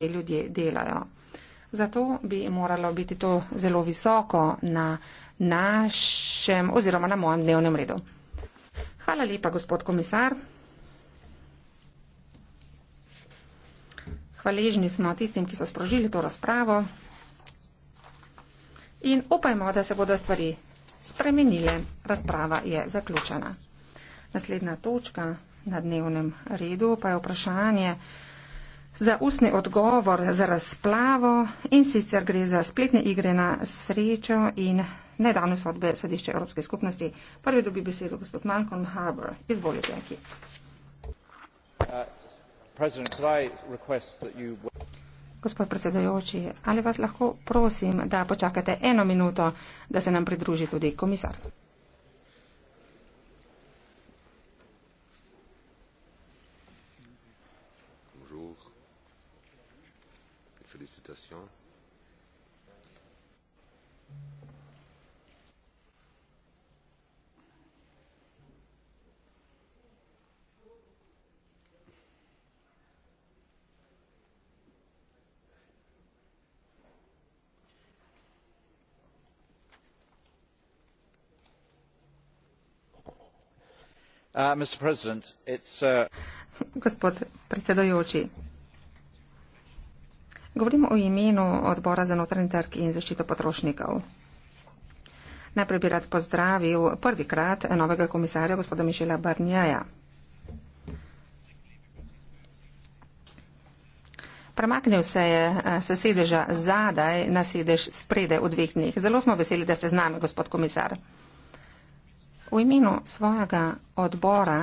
ljudje delajo. Zato bi moralo biti to zelo visoko na našem oziroma na mojem dnevnem redu. Hvala lepa, gospod komisar. Hvaležni smo tistim, ki so sprožili to razpravo. In upajmo, da se bodo stvari spremenile. Razprava je zaključena. Naslednja točka na dnevnem redu pa je vprašanje, za ustni odgovor za razplavo in sicer gre za spletne igre na srečo in nedavne sodbe sodišče Evropske skupnosti. Prvi dobi besedo gospod Malcolm Harbour. Izvolite, Janki. Uh, gospod predsedojoči, ali vas lahko prosim, da počakate eno minuto, da se nam pridruži tudi komisar? consultation. Uh, uh, Gospod predsedujoči, Govorim o imenu odbora za notranji trg in zaščito potrošnikov. Najprej bi rad pozdravil prvi krat novega komisarja, gospoda Mišela Barnjaja. Premaknil se je eh, se sedeža zadaj na sedež sprede v dveh dneh. Zelo smo veseli, da ste z nami, gospod komisar. V imenu svojega odbora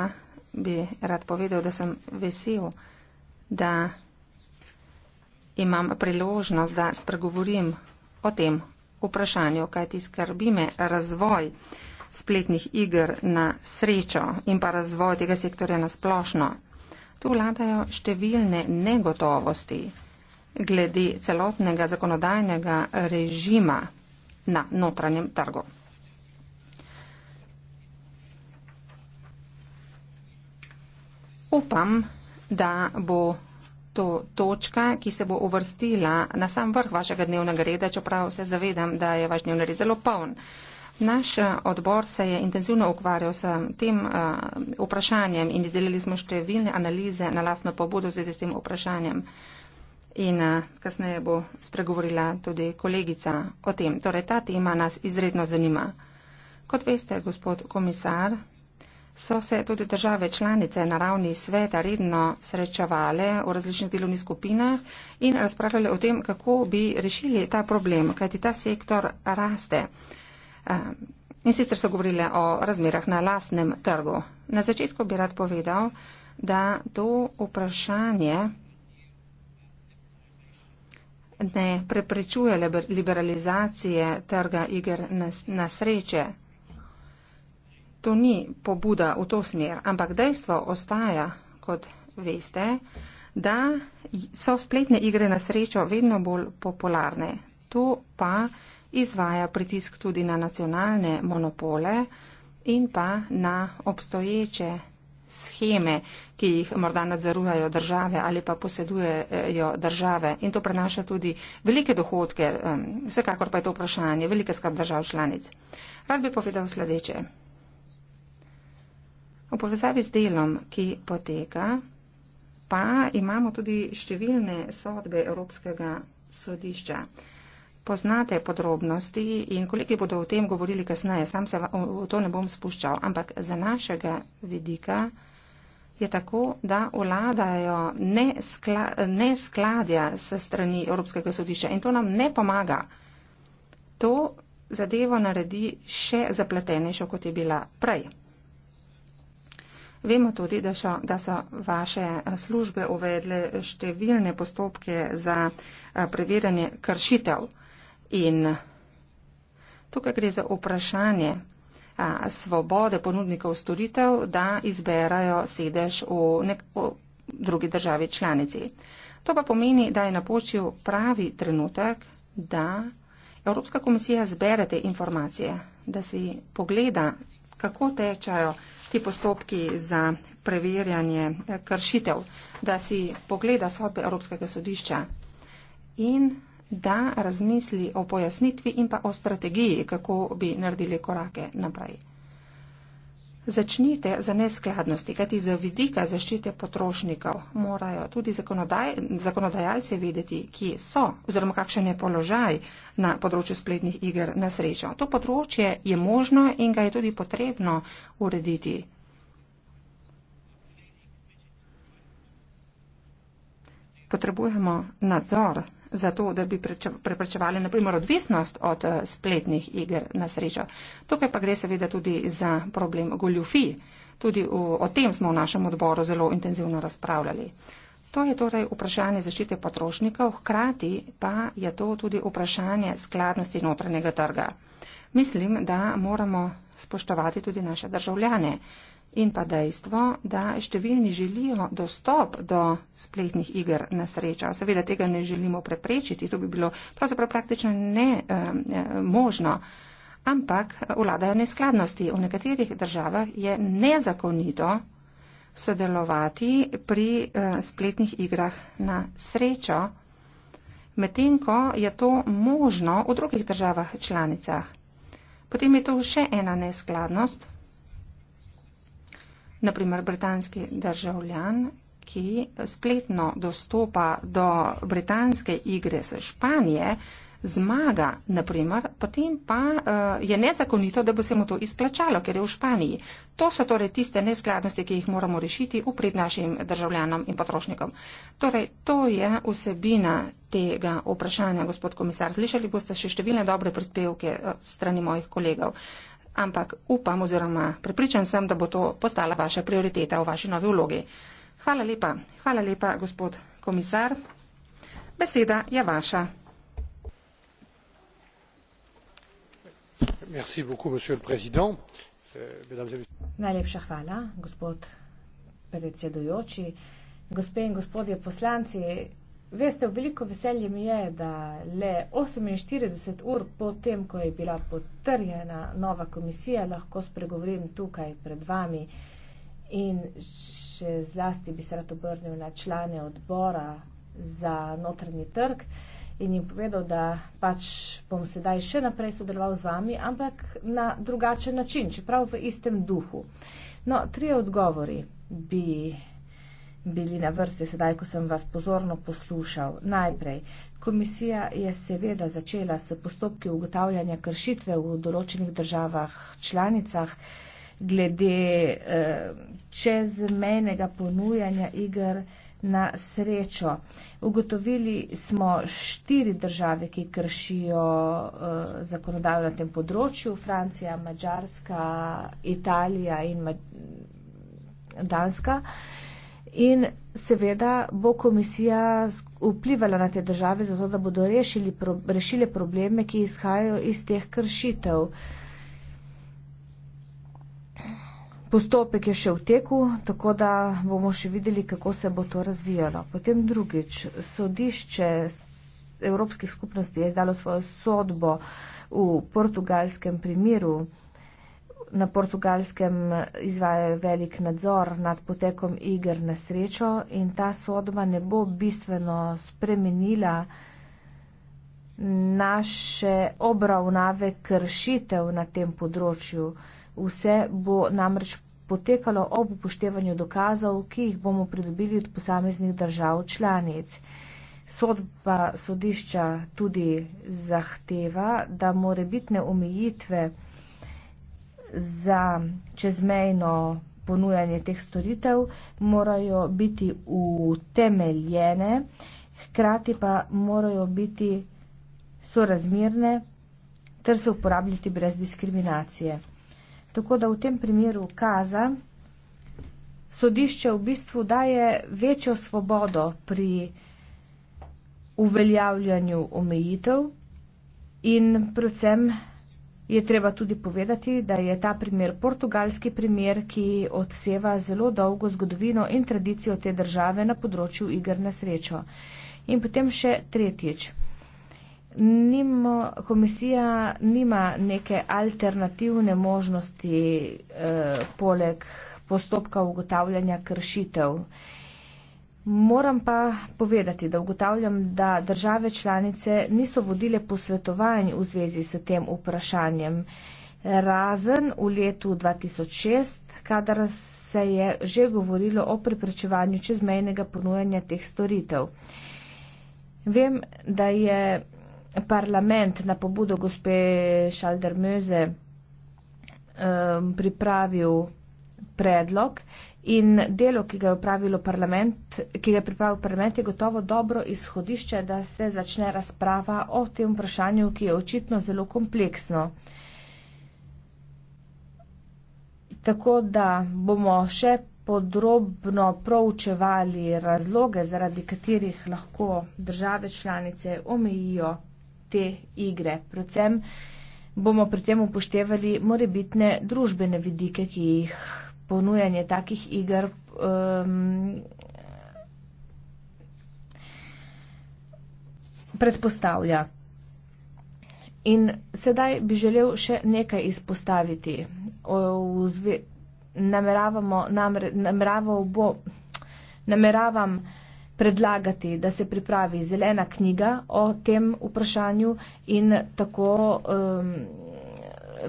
bi rad povedal, da sem vesel, da imam priložnost, da spregovorim o tem vprašanju, kajti skrbi me razvoj spletnih igr na srečo in pa razvoj tega sektorja na splošno. Tu vladajo številne negotovosti glede celotnega zakonodajnega režima na notranjem trgu. Upam, da bo to točka, ki se bo uvrstila na sam vrh vašega dnevnega reda, čeprav se zavedam, da je vaš dnevni red zelo poln. Naš eh, odbor se je intenzivno ukvarjal s tem uh, vprašanjem in izdelili smo številne analize na lastno pobudo v zvezi s tem vprašanjem. In uh, kasneje bo spregovorila tudi kolegica o tem. Torej, ta tema nas izredno zanima. Kot veste, gospod komisar, so se tudi države članice na ravni sveta redno srečevale v različnih delovnih skupinah in razpravljali o tem, kako bi rešili ta problem, kajti ta sektor raste. Ehm, in sicer so govorili o razmerah na lastnem trgu. Na začetku bi rad povedal, da to vprašanje ne preprečuje liberalizacije trga iger na sreče to ni pobuda v to smer, ampak dejstvo ostaja, kot veste, da so spletne igre na srečo vedno bolj popularne. To pa izvaja pritisk tudi na nacionalne monopole in pa na obstoječe scheme, ki jih morda nadzorujejo države ali pa posedujejo države. In to prenaša tudi velike dohodke, vsekakor pa je to vprašanje velike skrb držav članic. Rad bi povedal sledeče. V povezavi z delom, ki poteka, pa imamo tudi številne sodbe Evropskega sodišča. Poznate podrobnosti in kolegi bodo o tem govorili kasneje, sam se v to ne bom spuščal, ampak za našega vidika je tako, da vladajo neskla, neskladja se strani Evropskega sodišča in to nam ne pomaga. To zadevo naredi še zapletenejšo, kot je bila prej. Vemo tudi, da so, da so vaše službe uvedle številne postopke za eh, preverjanje kršitev. In tukaj gre za vprašanje eh, svobode ponudnikov storitev, da izberajo sedež v neko drugi državi članici. To pa pomeni, da je napočil pravi trenutek, da Evropska komisija zbere te informacije, da si pogleda, kako tečajo ti postopki za preverjanje eh, kršitev, da si pogleda sodbe Evropskega sodišča in da razmisli o pojasnitvi in pa o strategiji, kako bi naredili korake naprej začnite za neskladnosti, kajti za vidika zaščite potrošnikov morajo tudi zakonodaj, zakonodajalce vedeti, kje so oziroma kakšen je položaj na področju spletnih iger na srečo. To področje je možno in ga je tudi potrebno urediti. Potrebujemo nadzor za to, da bi preprečevali naprimer odvisnost od eh, spletnih iger na srečo. Tukaj pa gre seveda tudi za problem goljufij. Tudi o, o tem smo v našem odboru zelo intenzivno razpravljali. To je torej vprašanje zaščite potrošnikov, hkrati pa je to tudi vprašanje skladnosti notranjega trga. Mislim, da moramo spoštovati tudi naše državljane in pa dejstvo, da številni želijo dostop do spletnih iger na srečo. Seveda tega ne želimo preprečiti, to bi bilo pravzaprav praktično ne možno. Ampak eh, vladajo neskladnosti. V nekaterih državah je nezakonito sodelovati pri eh, spletnih igrah na srečo, medtem ko je to možno v drugih državah članicah. Potem je tu še ena neskladnost, naprimer britanski državljan, ki spletno dostopa do britanske igre s Španije, zmaga, naprimer, potem pa uh, je nezakonito, da bi se mu to izplačalo, ker je v Španiji. To so torej tiste neskladnosti, ki jih moramo rešiti upred našim državljanom in potrošnikom. Torej, to je vsebina tega vprašanja, gospod komisar. Slišali boste še številne dobre prispevke eh, strani mojih kolegov. Uh, ampak upam oziroma prepričan sem, da bo to postala vaša prioriteta v vaši novi vlogi. Hvala lepa, hvala lepa, gospod komisar. Beseda je vaša. Beaucoup, euh, Najlepša hvala, gospod predsedujoči, gospe in gospodje poslanci. Veste, veliko veselje mi je, da le 48 ur po tem, ko je bila potrjena nova komisija, lahko spregovorim tukaj pred vami in še zlasti bi se rad obrnil na člane odbora za notranji trg in jim povedal, da pač bom sedaj še naprej sodeloval z vami, ampak na drugačen način, čeprav v istem duhu. No, tri odgovori bi bili na vrsti sedaj, ko sem vas pozorno poslušal. Najprej, komisija je seveda začela s postopki ugotavljanja kršitve v določenih državah članicah glede eh, čezmejnega ponujanja igr na srečo. Ugotovili smo štiri države, ki kršijo eh, zakonodajo na tem področju, Francija, Mačarska, Italija in Ma Danska. Eh, In seveda bo komisija vplivala na te države, zato da bodo rešili, rešile probleme, ki izhajajo iz teh kršitev. Postopek je še v teku, tako da bomo še videli, kako se bo to razvijalo. Potem drugič, sodišče Evropskih skupnosti je izdalo svojo sodbo v portugalskem primeru na portugalskem izvajajo velik nadzor nad potekom igr na srečo in ta sodba ne bo bistveno spremenila naše obravnave kršitev na tem področju. Vse bo namreč potekalo ob upoštevanju dokazov, ki jih bomo pridobili od posameznih držav članic. Sodba sodišča tudi zahteva, da more bitne omejitve za čezmejno ponujanje teh storitev morajo biti utemeljene, hkrati pa morajo biti sorazmirne ter se uporabljati brez diskriminacije. Tako da v tem primeru kaza sodišče v bistvu daje večjo svobodo pri uveljavljanju omejitev in predvsem Je treba tudi povedati, da je ta primer portugalski primer, ki odseva zelo dolgo zgodovino in tradicijo te države na področju igr na srečo. In potem še tretjič. Nimo, komisija nima neke alternativne možnosti eh, poleg postopka ugotavljanja kršitev. Eh, Moram pa povedati, da ugotavljam, da države članice niso vodile posvetovanj v zvezi s tem vprašanjem, razen v letu 2006, kadar se je že govorilo o preprečevanju čezmejnega ponujanja teh storitev. Vem, da je parlament na pobudo gospe Šaldermöze um, pripravil predlog In delo, ki ga je, ki ga je pripravil parlament, je gotovo dobro izhodišče, da se začne razprava o tem vprašanju, ki je očitno zelo kompleksno. Tako da bomo še podrobno proučevali razloge, zaradi katerih lahko države članice omejijo te igre. Predvsem bomo pri tem upoštevali morebitne družbene vidike, ki jih ponujanje takih igr. Um, predpostavlja. In sedaj bi želel še nekaj izpostaviti. Nameravamo, namre, nameraval bo, nameravam predlagati, da se pripravi zelena knjiga o tem vprašanju in tako um,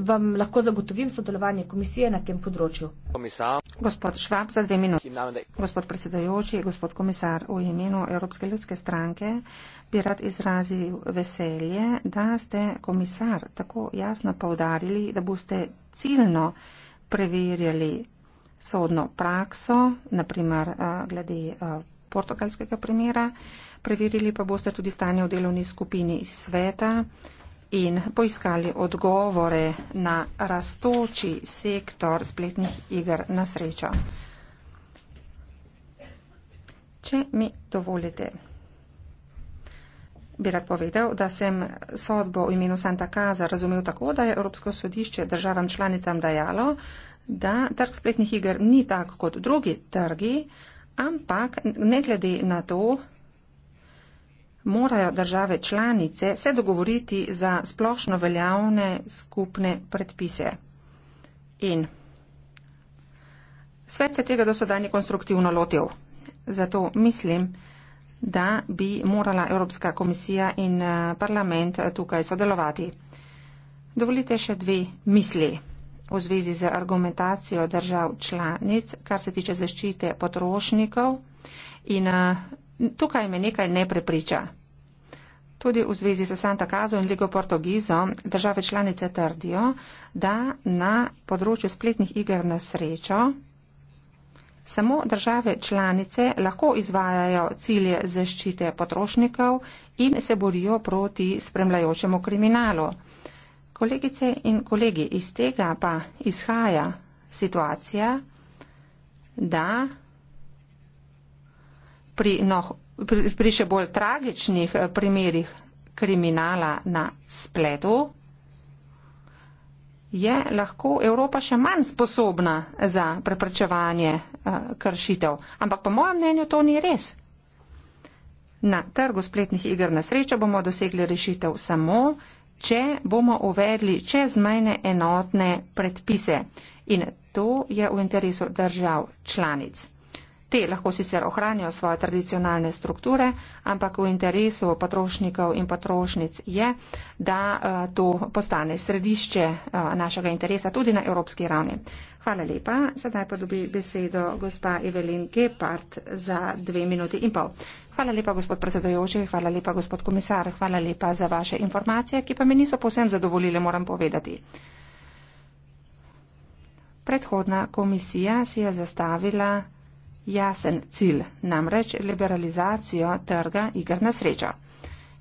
vam lahko zagotovim sodelovanje komisije na tem področju. Komisar. Gospod Švab, za dve minuti. Gospod predsedajoči, gospod komisar, v imenu Evropske ljudske stranke bi rad izrazil veselje, da ste komisar tako jasno povdarili, da boste ciljno preverjali sodno prakso, naprimer eh, glede eh, portugalskega primera, preverili pa boste tudi stanje v delovni skupini iz sveta in poiskali odgovore na rastoči sektor spletnih igr na srečo. Če mi dovolite, bi rad povedal, da sem sodbo v imenu Santa Casa razumel tako, da je Evropsko sodišče državam članicam dajalo, da trg spletnih igr ni tak kot drugi trgi, ampak ne glede na to, morajo države članice se dogovoriti za splošno veljavne skupne predpise. In svet se tega dosedanje konstruktivno lotil. Zato mislim, da bi morala Evropska komisija in eh, parlament eh, tukaj sodelovati. Dovolite še dve misli v zvezi z argumentacijo držav članic, kar se tiče zaščite potrošnikov in eh, Tukaj me nekaj ne prepriča. Tudi v zvezi s Santa Kazo in Ligo Portugizo države članice trdijo, da na področju spletnih iger na srečo samo države članice lahko izvajajo cilje zaščite potrošnikov in se borijo proti spremljajočemu kriminalu. Kolegice in kolegi, iz tega pa izhaja situacija, da pri, no, pri, pri še bolj tragičnih eh, primerih kriminala na spletu, je lahko Evropa še manj sposobna za preprečevanje uh, kršitev. Ampak po mojem mnenju to ni res. Na trgu spletnih igr na srečo bomo dosegli rešitev samo, če bomo uvedli čezmejne enotne predpise. In to je v interesu držav članic. Te lahko sicer ohranijo svoje tradicionalne strukture, ampak v interesu potrošnikov in potrošnic je, da eh, to postane središče eh, našega interesa tudi na evropski ravni. Hvala lepa. Sedaj pa dobi besedo gospa Evelin Gepard za dve minuti in pol. Hvala lepa, gospod predsedojoči, hvala lepa, gospod komisar, hvala lepa za vaše informacije, ki pa me niso posem zadovoljile, moram povedati. Predhodna komisija si je zastavila jasen cilj, namreč liberalizacijo trga igr na srečo.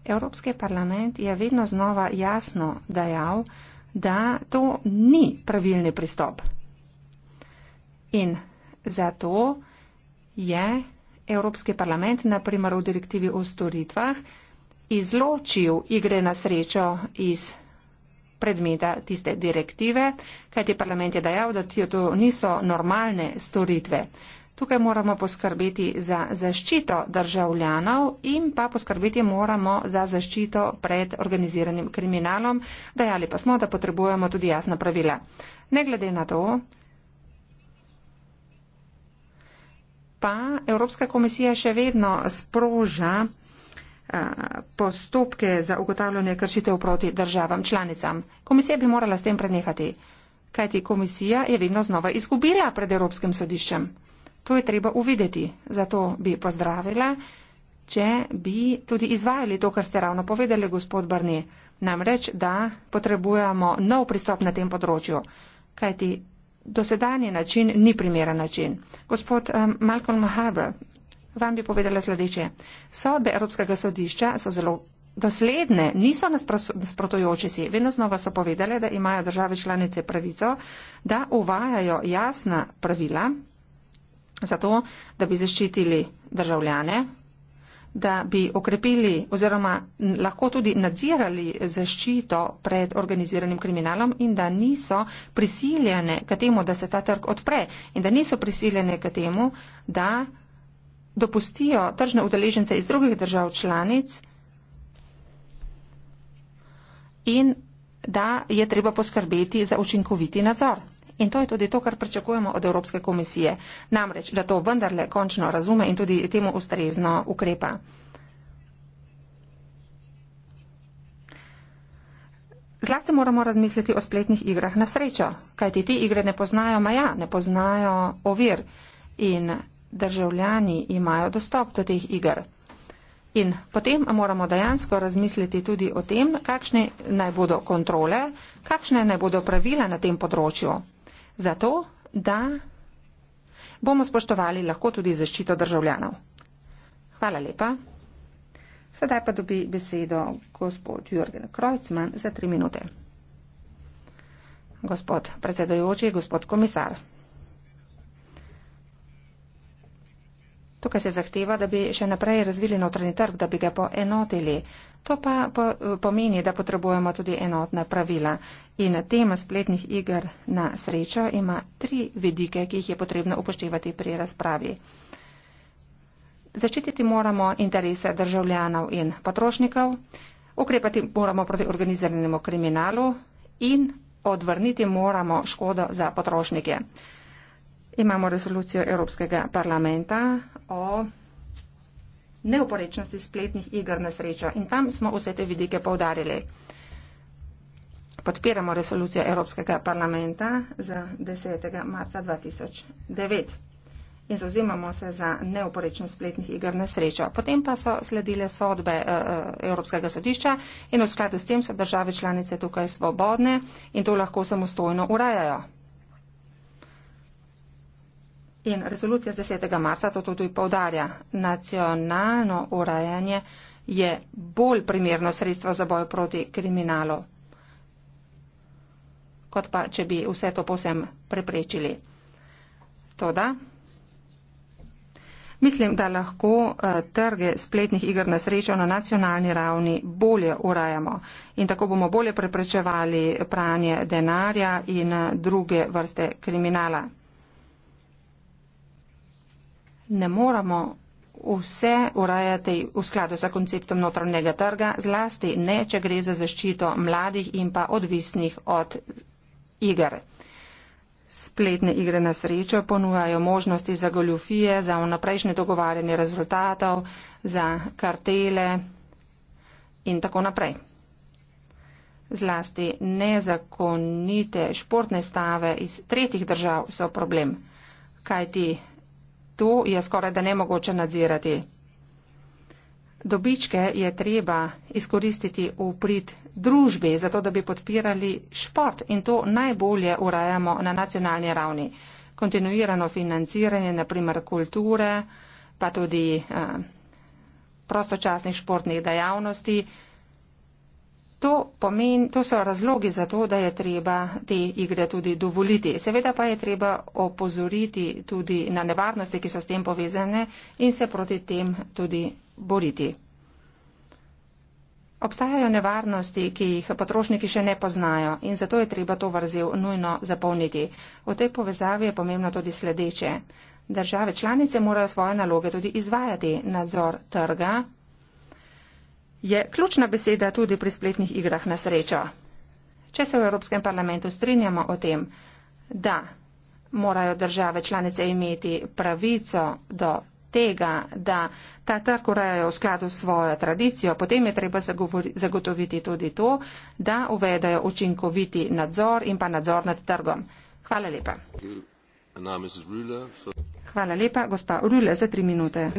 Evropski parlament je vedno znova jasno dejal, da to ni pravilni pristop. In zato je Evropski parlament, naprimer v direktivi o storitvah, izločil igre na srečo iz predmeta tiste direktive, kajti parlament je dejal, da to niso normalne storitve. Tukaj moramo poskrbeti za zaščito državljanov in pa poskrbeti moramo za zaščito pred organiziranim kriminalom. Dajali pa smo, da potrebujemo tudi jasna pravila. Ne glede na to, pa Evropska komisija še vedno sproža eh, postopke za ugotavljanje kršitev proti državam članicam. Komisija bi morala s tem prenehati, kajti komisija je vedno znova izgubila pred Evropskim sodiščem. To je treba uvideti. Zato bi pozdravila, če bi tudi izvajali to, kar ste ravno povedali, gospod Brni. Namreč, da potrebujemo nov pristop na tem področju, kajti dosedanji način ni primeren način. Gospod um, Malcolm Harbour, vam bi povedala sledeče. Sodbe Evropskega sodišča so zelo. Dosledne niso nasprotujoče si, vedno znova so povedale, da imajo države članice pravico, da uvajajo jasna pravila zato, da bi zaščitili državljane, da bi okrepili oziroma lahko tudi nadzirali zaščito pred organiziranim kriminalom in da niso prisiljene k temu, da se ta trg odpre in da niso prisiljene k temu, da dopustijo tržne udeležence iz drugih držav članic in da je treba poskrbeti za učinkoviti nadzor. In to je tudi to, kar pričakujemo od Evropske komisije. Namreč, da to vendarle končno razume in tudi temu ustrezno ukrepa. Zlasti moramo razmisliti o spletnih igrah na srečo, kajti te igre ne poznajo maja, ne poznajo ovir in državljani imajo dostop do teh igr. In potem moramo dejansko razmisliti tudi o tem, kakšne naj bodo kontrole, kakšne naj bodo pravila na tem področju zato, da bomo spoštovali lahko tudi zaščito državljanov. Hvala lepa. Sedaj pa dobi besedo gospod Jürgen Kreuzmann za tri minute. Gospod predsedojoči, gospod komisar. Tukaj se zahteva, da bi še naprej razvili notranji trg, da bi ga poenotili. To pa pomeni, da potrebujemo tudi enotna pravila. In tema spletnih igr na srečo ima tri vidike, ki jih je potrebno upoštevati pri razpravi. Zaščititi moramo interese državljanov in potrošnikov, ukrepati moramo proti organiziranemu kriminalu in odvrniti moramo škodo za potrošnike imamo rezolucijo Evropskega parlamenta o neoporečnosti spletnih igr na srečo in tam smo vse te vidike povdarili. Podpiramo resolucijo Evropskega parlamenta za 10. marca 2009 in zauzimamo se za neoporečen spletnih igr na srečo. Potem pa so sledile sodbe eh, eh, Evropskega sodišča in v skladu s tem so države članice tukaj svobodne in to lahko samostojno urajajo. In resolucija z 10. marca to tudi povdarja. Nacionalno urajanje je bolj primerno sredstvo za boj proti kriminalu, kot pa če bi vse to posem preprečili. Toda, mislim, da lahko eh, trge spletnih igr na srečo na nacionalni ravni bolje urajamo in tako bomo bolje preprečevali pranje denarja in eh, druge vrste kriminala ne moremo vse urejati v skladu z konceptom notranjega trga, zlasti ne, če gre za zaščito mladih in pa odvisnih od igre. Spletne igre na srečo ponujajo možnosti za goljufije, za vnaprejšnje dogovarjanje rezultatov, za kartele in tako naprej. Zlasti nezakonite športne stave iz tretjih držav so problem, kajti tu je skoraj da nemogoče nadzirati. Dobičke je treba izkoristiti v prid družbi, zato da bi podpirali šport in to najbolje urajamo na nacionalni ravni. Kontinuirano financiranje, naprimer kulture, pa tudi eh, prostočasnih športnih dejavnosti, To, pomen, to so razlogi za to, da je treba te igre tudi dovoliti. Seveda pa je treba opozoriti tudi na nevarnosti, ki so s tem povezane in se proti tem tudi boriti. Obstajajo nevarnosti, ki jih potrošniki še ne poznajo in zato je treba to vrzel nujno zapolniti. V tej povezavi je pomembno tudi sledeče. Države članice morajo svoje naloge tudi izvajati nadzor trga je ključna beseda tudi pri spletnih igrah na srečo. Če se v Evropskem parlamentu strinjamo o tem, da morajo države članice imeti pravico do tega, da ta trg urejajo v skladu s svojo tradicijo, potem je treba zagotoviti tudi to, da uvedajo učinkoviti nadzor in pa nadzor nad trgom. Hvala lepa. Hvala. Hvala lepa, gospa Rule, za tri minute.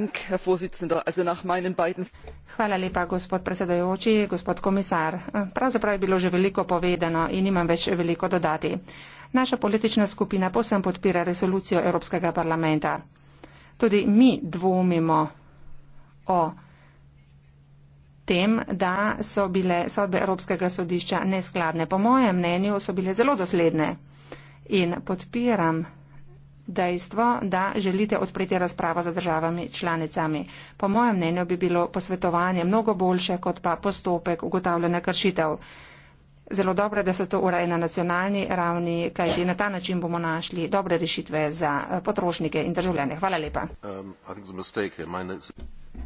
Hvala lepa, gospod predsedojoči, gospod komisar. Pravzaprav je bilo že veliko povedano in nimam več veliko dodati. Naša politična skupina posem podpira resolucijo Evropskega parlamenta. Tudi mi dvomimo o tem, da so bile sodbe Evropskega sodišča neskladne. Po mojem mnenju so bile zelo dosledne in podpiram dejstvo, da želite odpreti razpravo za državami članicami. Po mojem mnenju bi bilo posvetovanje mnogo boljše kot pa postopek ugotavljanja kršitev. Zelo dobro, da so to ureje na nacionalni ravni, kajti na ta način bomo našli dobre rešitve za eh, potrošnike in državljane. Hvala lepa. Um,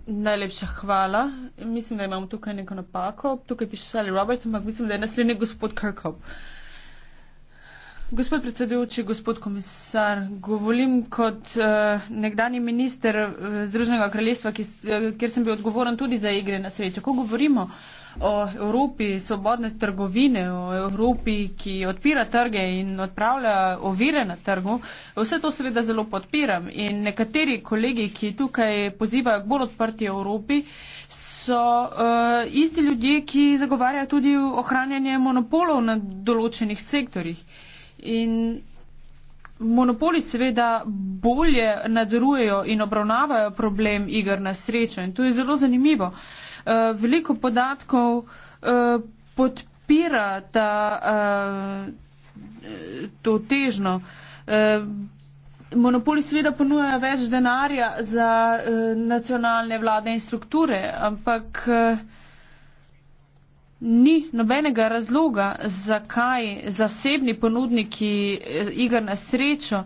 Najlepša hvala. Mislim, da imamo tukaj neko napako. Tukaj piše Sally Roberts, ampak mislim, da je naslednji gospod Kirkhope. Gospod predsedujoči, gospod komisar, govorim kot uh, eh, nekdani minister uh, Združenega kraljestva, ki, uh, kjer sem bil odgovoren tudi za igre na srečo. Ko govorimo o Evropi svobodne trgovine, o Evropi, ki odpira trge in odpravlja ovire na trgu, vse to seveda zelo podpiram. In nekateri kolegi, ki tukaj pozivajo k bolj odprti Evropi, so uh, isti ljudje, ki zagovarjajo tudi ohranjanje monopolov na določenih sektorjih. Uh, In monopoli seveda bolje nadzorujejo in obravnavajo problem igr na srečo in to je zelo zanimivo. Eh, veliko podatkov eh, podpira ta, eh, to težno. Monopoli seveda ponujajo več denarja za nacionalne vlade in strukture, ampak uh, Ni nobenega razloga, zakaj zasebni ponudniki eh, igr na srečo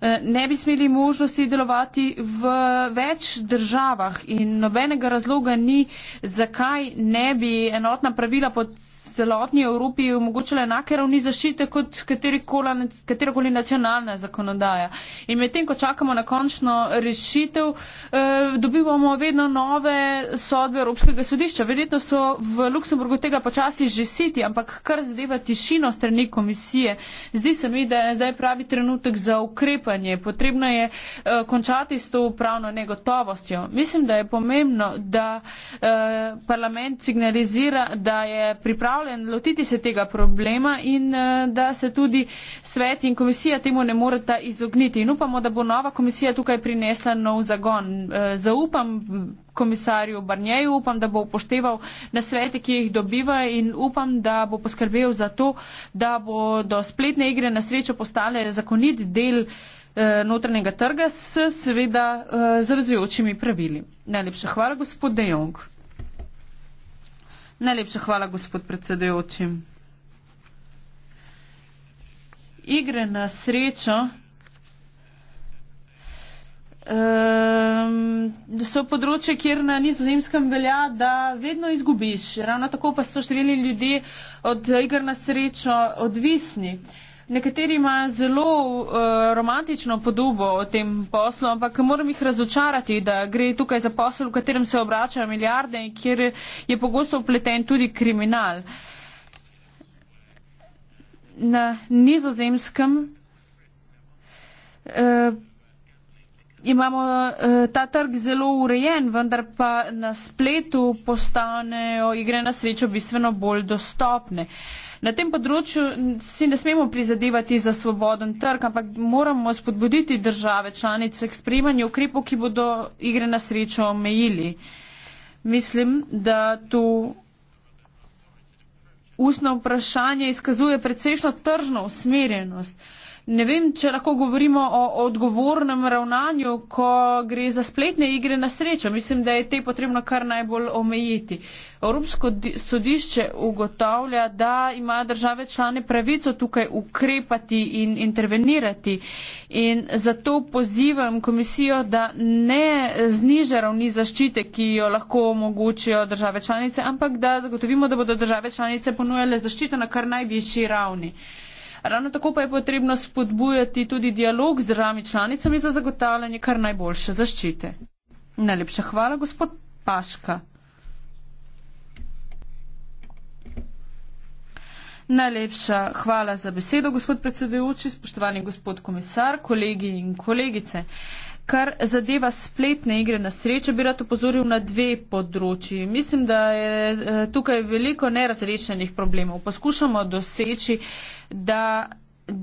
eh, ne bi smeli možnosti delovati v več državah in nobenega razloga ni, zakaj ne bi enotna pravila pod celotni Evropi omogočila enake ravni zaščite kot katerakoli nacionalna zakonodaja. In medtem, ko čakamo na končno rešitev, eh, dobivamo vedno nove sodbe Evropskega sodišča. Verjetno so v Luksemburgu tega počasi že siti, ampak kar zadeva tišino strani komisije, zdi se mi, da je zdaj pravi trenutek za ukrepanje. Potrebno je eh, končati s to upravno negotovostjo. Mislim, da je pomembno, da eh, parlament signalizira, da je pripravljen pripravljen lotiti se tega problema in eh, da se tudi svet in komisija temu ne moreta izogniti. In upamo, da bo nova komisija tukaj prinesla nov zagon. Eh, zaupam komisarju Barnjeju, upam, da bo upošteval na svete, ki jih dobiva in upam, da bo poskrbel za to, da bo do spletne igre na srečo postale zakonit del eh, notranjega trga s seveda zavezujočimi pravili. Najlepša hvala, gospod Dejong. Najlepša hvala, gospod predsedujoči. Igre na srečo um, so področje, kjer na nizozemskem velja, da vedno izgubiš. Ravno tako pa so številni ljudje od igr na srečo odvisni. Uh, Nekateri imajo zelo uh, romantično podobo o tem poslu, ampak moram jih razočarati, da gre tukaj za posel, v katerem se obračajo milijarde in kjer je pogosto upleten tudi kriminal. Na nizozemskem. Uh, imamo uh, ta trg zelo urejen, vendar pa na spletu postanejo igre na srečo bistveno bolj dostopne. Na tem področju si ne smemo prizadevati za svoboden trg, ampak moramo spodbuditi države članice k sprejemanju ukrepov, ki bodo igre na srečo omejili. Mislim, da tu ustno vprašanje izkazuje precejšno tržno usmerjenost. Uh, Ne vem, če lahko govorimo o odgovornem ravnanju, ko gre za spletne igre na srečo. Mislim, da je te potrebno kar najbolj omejiti. Evropsko sodišče ugotavlja, da ima države člane pravico tukaj ukrepati in intervenirati. In zato pozivam komisijo, da ne zniža ravni zaščite, ki jo lahko omogočijo države članice, ampak da zagotovimo, da bodo države članice ponujale zaščito na kar najvišji ravni. Ravno tako pa je potrebno spodbujati tudi dialog z državami članicami za zagotavljanje kar najboljše zaščite. Najlepša hvala, gospod Paška. Najlepša hvala za besedo, gospod predsedujoči, spoštovani gospod komisar, kolegi in kolegice. Kar zadeva spletne igre na srečo, bi rad upozoril na dve področji. Mislim, da je eh, tukaj veliko nerazrešenih problemov. Poskušamo doseči, da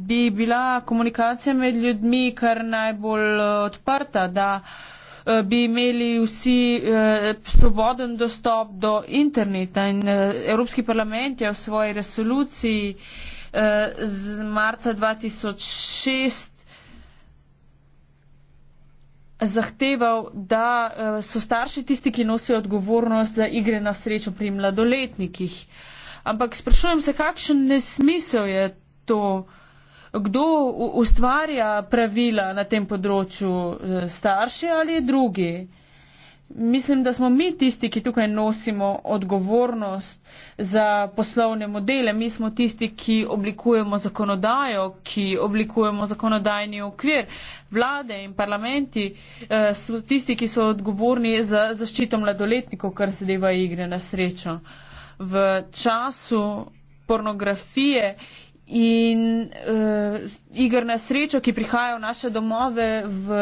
bi bila komunikacija med ljudmi kar najbolj eh, odprta, da eh, bi imeli vsi svoboden dostop do interneta in Evropski parlament je v svoji resoluciji z marca 2006 zahteval, da eh, so starši tisti, ki nosijo odgovornost za igre na srečo pri mladoletnikih. Ampak sprašujem se, kakšen nesmisel je to, kdo ustvarja pravila na tem področju, eh, starši ali drugi? Mislim, da smo mi tisti, ki tukaj nosimo odgovornost za poslovne modele. Mi smo tisti, ki oblikujemo zakonodajo, ki oblikujemo zakonodajni okvir. Vlade in parlamenti eh, so tisti, ki so odgovorni za zaščito mladoletnikov, kar se deva igre na srečo. V času pornografije in uh, eh, igr na srečo, ki prihajajo v naše domove v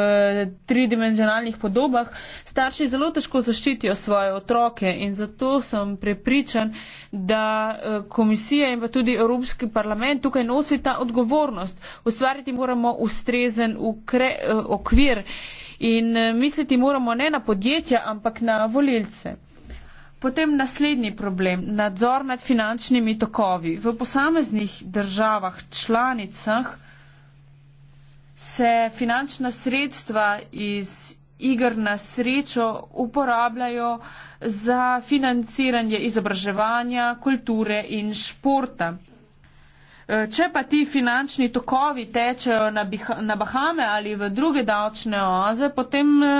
tridimenzionalnih podobah, starši zelo težko zaščitijo svoje otroke in zato sem prepričan, da uh, komisija in pa tudi Evropski parlament tukaj nosi ta odgovornost. Ustvariti moramo ustrezen ukre, uh, okvir in uh, misliti moramo ne na podjetja, ampak na volilce. Potem naslednji problem, nadzor nad finančnimi tokovi. V posameznih državah članicah se finančna sredstva iz igr na srečo uporabljajo za financiranje izobraževanja, kulture in športa. E, če pa ti finančni tokovi tečejo na Bahame ali v druge davčne oaze, potem e,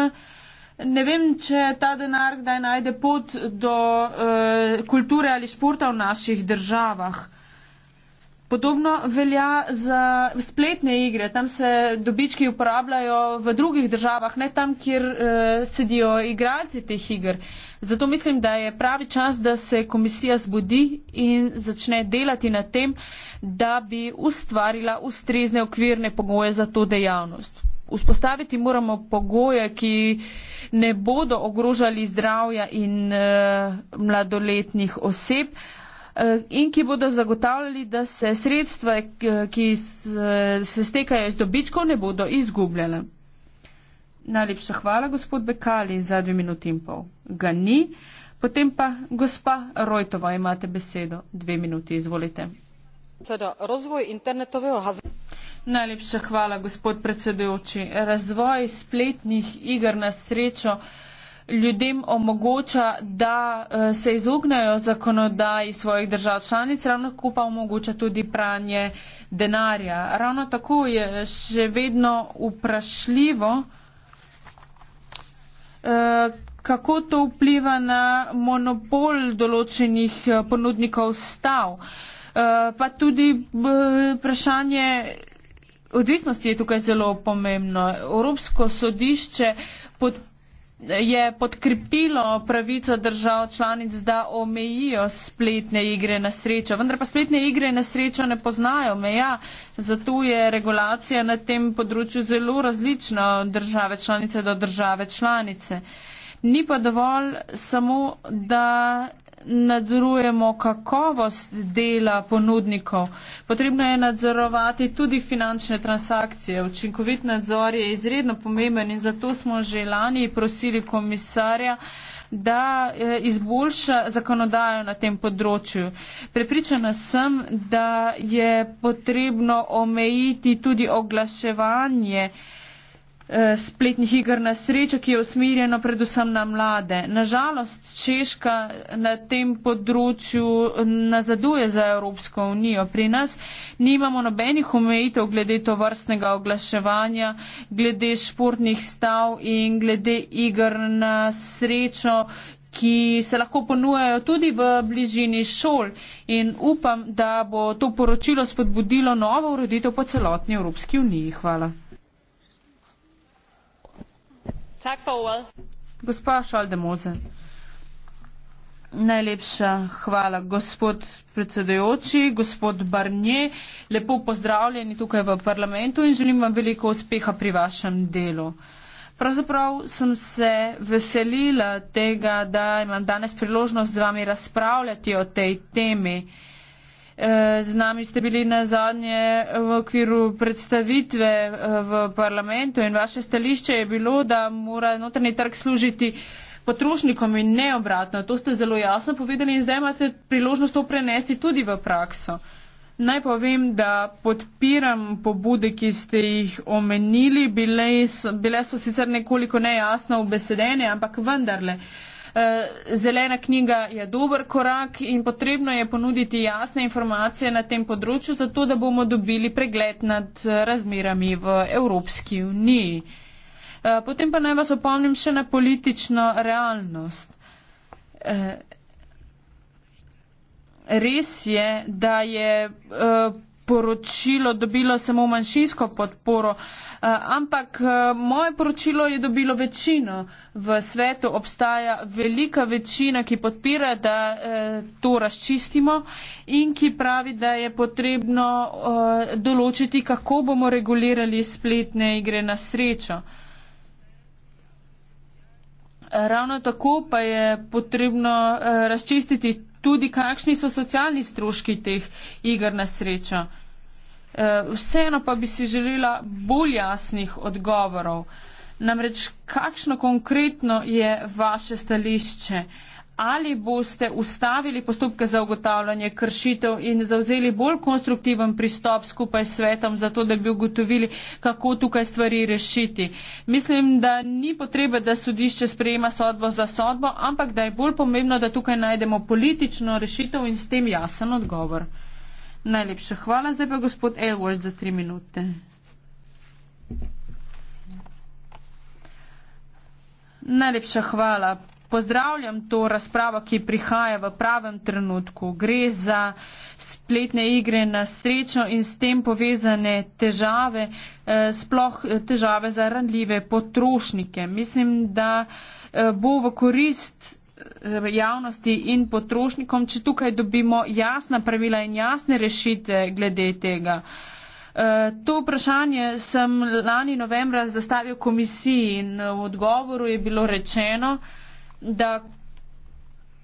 ne vem, če ta denar kdaj najde pot do uh, kulture ali športa v naših državah. Podobno velja za spletne igre. Tam se dobički uporabljajo v drugih državah, ne tam, kjer uh, sedijo igralci teh igr. Zato mislim, da je pravi čas, da se komisija zbudi in začne delati na tem, da bi ustvarila ustrezne okvirne pogoje za to dejavnost. Vzpostaviti moramo pogoje, ki ne bodo ogrožali zdravja in e, mladoletnih oseb e, in ki bodo zagotavljali, da se sredstva, ki se stekajo iz dobičkov, ne bodo izgubljale. Najlepša hvala, gospod Bekali, za dve minuti in pol. Ga ni. Potem pa, gospa Rojtova, imate besedo. Dve minuti, izvolite. Razvoj internetovega hazarda. Najlepša hvala, gospod predsedujoči. Razvoj spletnih igr na srečo ljudem omogoča, da eh, se izognejo zakonodaji svojih držav članic, ravno tako pa omogoča tudi pranje denarja. Ravno tako je še vedno vprašljivo, eh, kako to vpliva na monopol določenih eh, ponudnikov stav. Pa tudi vprašanje odvisnosti je tukaj zelo pomembno. Evropsko sodišče pod, je podkrepilo pravico držav članic, da omejijo spletne igre na srečo. Vendar pa spletne igre na srečo ne poznajo meja, zato je regulacija na tem področju zelo različna od države članice do države članice. Ni pa dovolj samo, da nadzorujemo kakovost dela ponudnikov. Potrebno je nadzorovati tudi finančne transakcije. Učinkovit nadzor je izredno pomemben in zato smo že lani prosili komisarja, da eh, izboljša zakonodajo na tem področju. Prepričana sem, da je potrebno omejiti tudi oglaševanje Eh, spletnih igr na srečo, ki je usmerjeno predvsem na mlade. Nažalost, Češka na tem področju nazaduje za Evropsko unijo. Pri nas nimamo nobenih omejitev glede to vrstnega oglaševanja, glede športnih stav in glede igr na srečo ki se lahko ponujajo tudi v bližini šol in upam, da bo to poročilo spodbudilo novo uroditev po celotni Evropski uniji. Hvala. Tak for ordet. Gospa Šaldemose, najlepša hvala. Gospod predsedujoči, gospod Barnje, lepo pozdravljeni tukaj v parlamentu in želim vam veliko uspeha pri vašem delu. Pravzaprav sem se veselila tega, da imam danes priložnost z vami razpravljati o tej temi. Eh, z nami ste bili na zadnje v okviru predstavitve eh, v parlamentu in vaše stališče je bilo, da mora notrni trg služiti potrošnikom in ne obratno. To ste zelo jasno povedali in zdaj imate priložnost to prenesti tudi v prakso. Naj povem, da podpiram pobude, ki ste jih omenili. Bile so, bile so sicer nekoliko nejasno obesedene, ampak vendarle. Uh, Eh, zelena knjiga je dober korak in potrebno je ponuditi jasne informacije na tem področju, zato da bomo dobili pregled nad eh, razmerami v Evropski uniji. Eh, potem pa naj vas opomnim še na politično realnost. Res je, da je poročilo dobilo samo manjšinsko podporo, eh, ampak eh, moje poročilo je dobilo večino. V svetu obstaja velika večina, ki podpira, da eh, to razčistimo in ki pravi, da je potrebno določiti, kako bomo regulirali spletne igre na srečo. Ravno tako pa je potrebno razčistiti tudi, kakšni so socialni stroški teh igr na srečo. Eh, vseeno pa bi si želela bolj jasnih odgovorov. Namreč, kakšno konkretno je vaše stališče? Ali boste ustavili postopke za ugotavljanje kršitev in zauzeli bolj konstruktiven pristop skupaj s svetom, zato da bi ugotovili, kako tukaj stvari rešiti? Mislim, da ni potrebe, da sodišče sprejema sodbo za sodbo, ampak da je bolj pomembno, da tukaj najdemo politično rešitev in s tem jasen odgovor. Najlepša hvala. Zdaj pa gospod Elward za tri minute. Najlepša hvala. Pozdravljam to razpravo, ki prihaja v pravem trenutku. Gre za spletne igre na srečo in s tem povezane težave, eh, sploh eh, težave za ranljive potrošnike. Mislim, da eh, bo v korist javnosti in potrošnikom, če tukaj dobimo jasna pravila in jasne rešitve glede tega. E, to vprašanje sem lani novembra zastavil komisiji in v odgovoru je bilo rečeno, da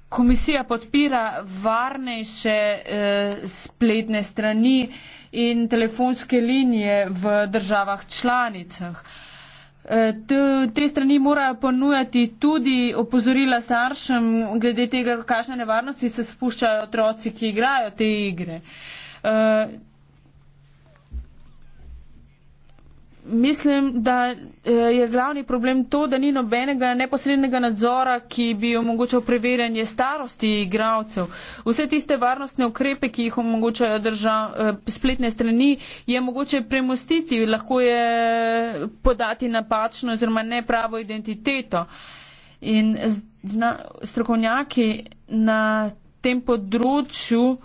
komisija podpira varnejše e, spletne strani in telefonske linije v državah članicah. Te, te strani morajo ponujati tudi opozorila staršem glede tega, kakšne nevarnosti se spuščajo otroci, ki igrajo te igre. Eh, mislim, da eh, je glavni problem to, da ni nobenega neposrednega nadzora, ki bi omogočal preverjanje starosti igralcev. Vse tiste varnostne ukrepe, ki jih omogočajo držav, eh, spletne strani, je mogoče premustiti, lahko je podati napačno oziroma nepravo identiteto. In zna, strokovnjaki na tem področju.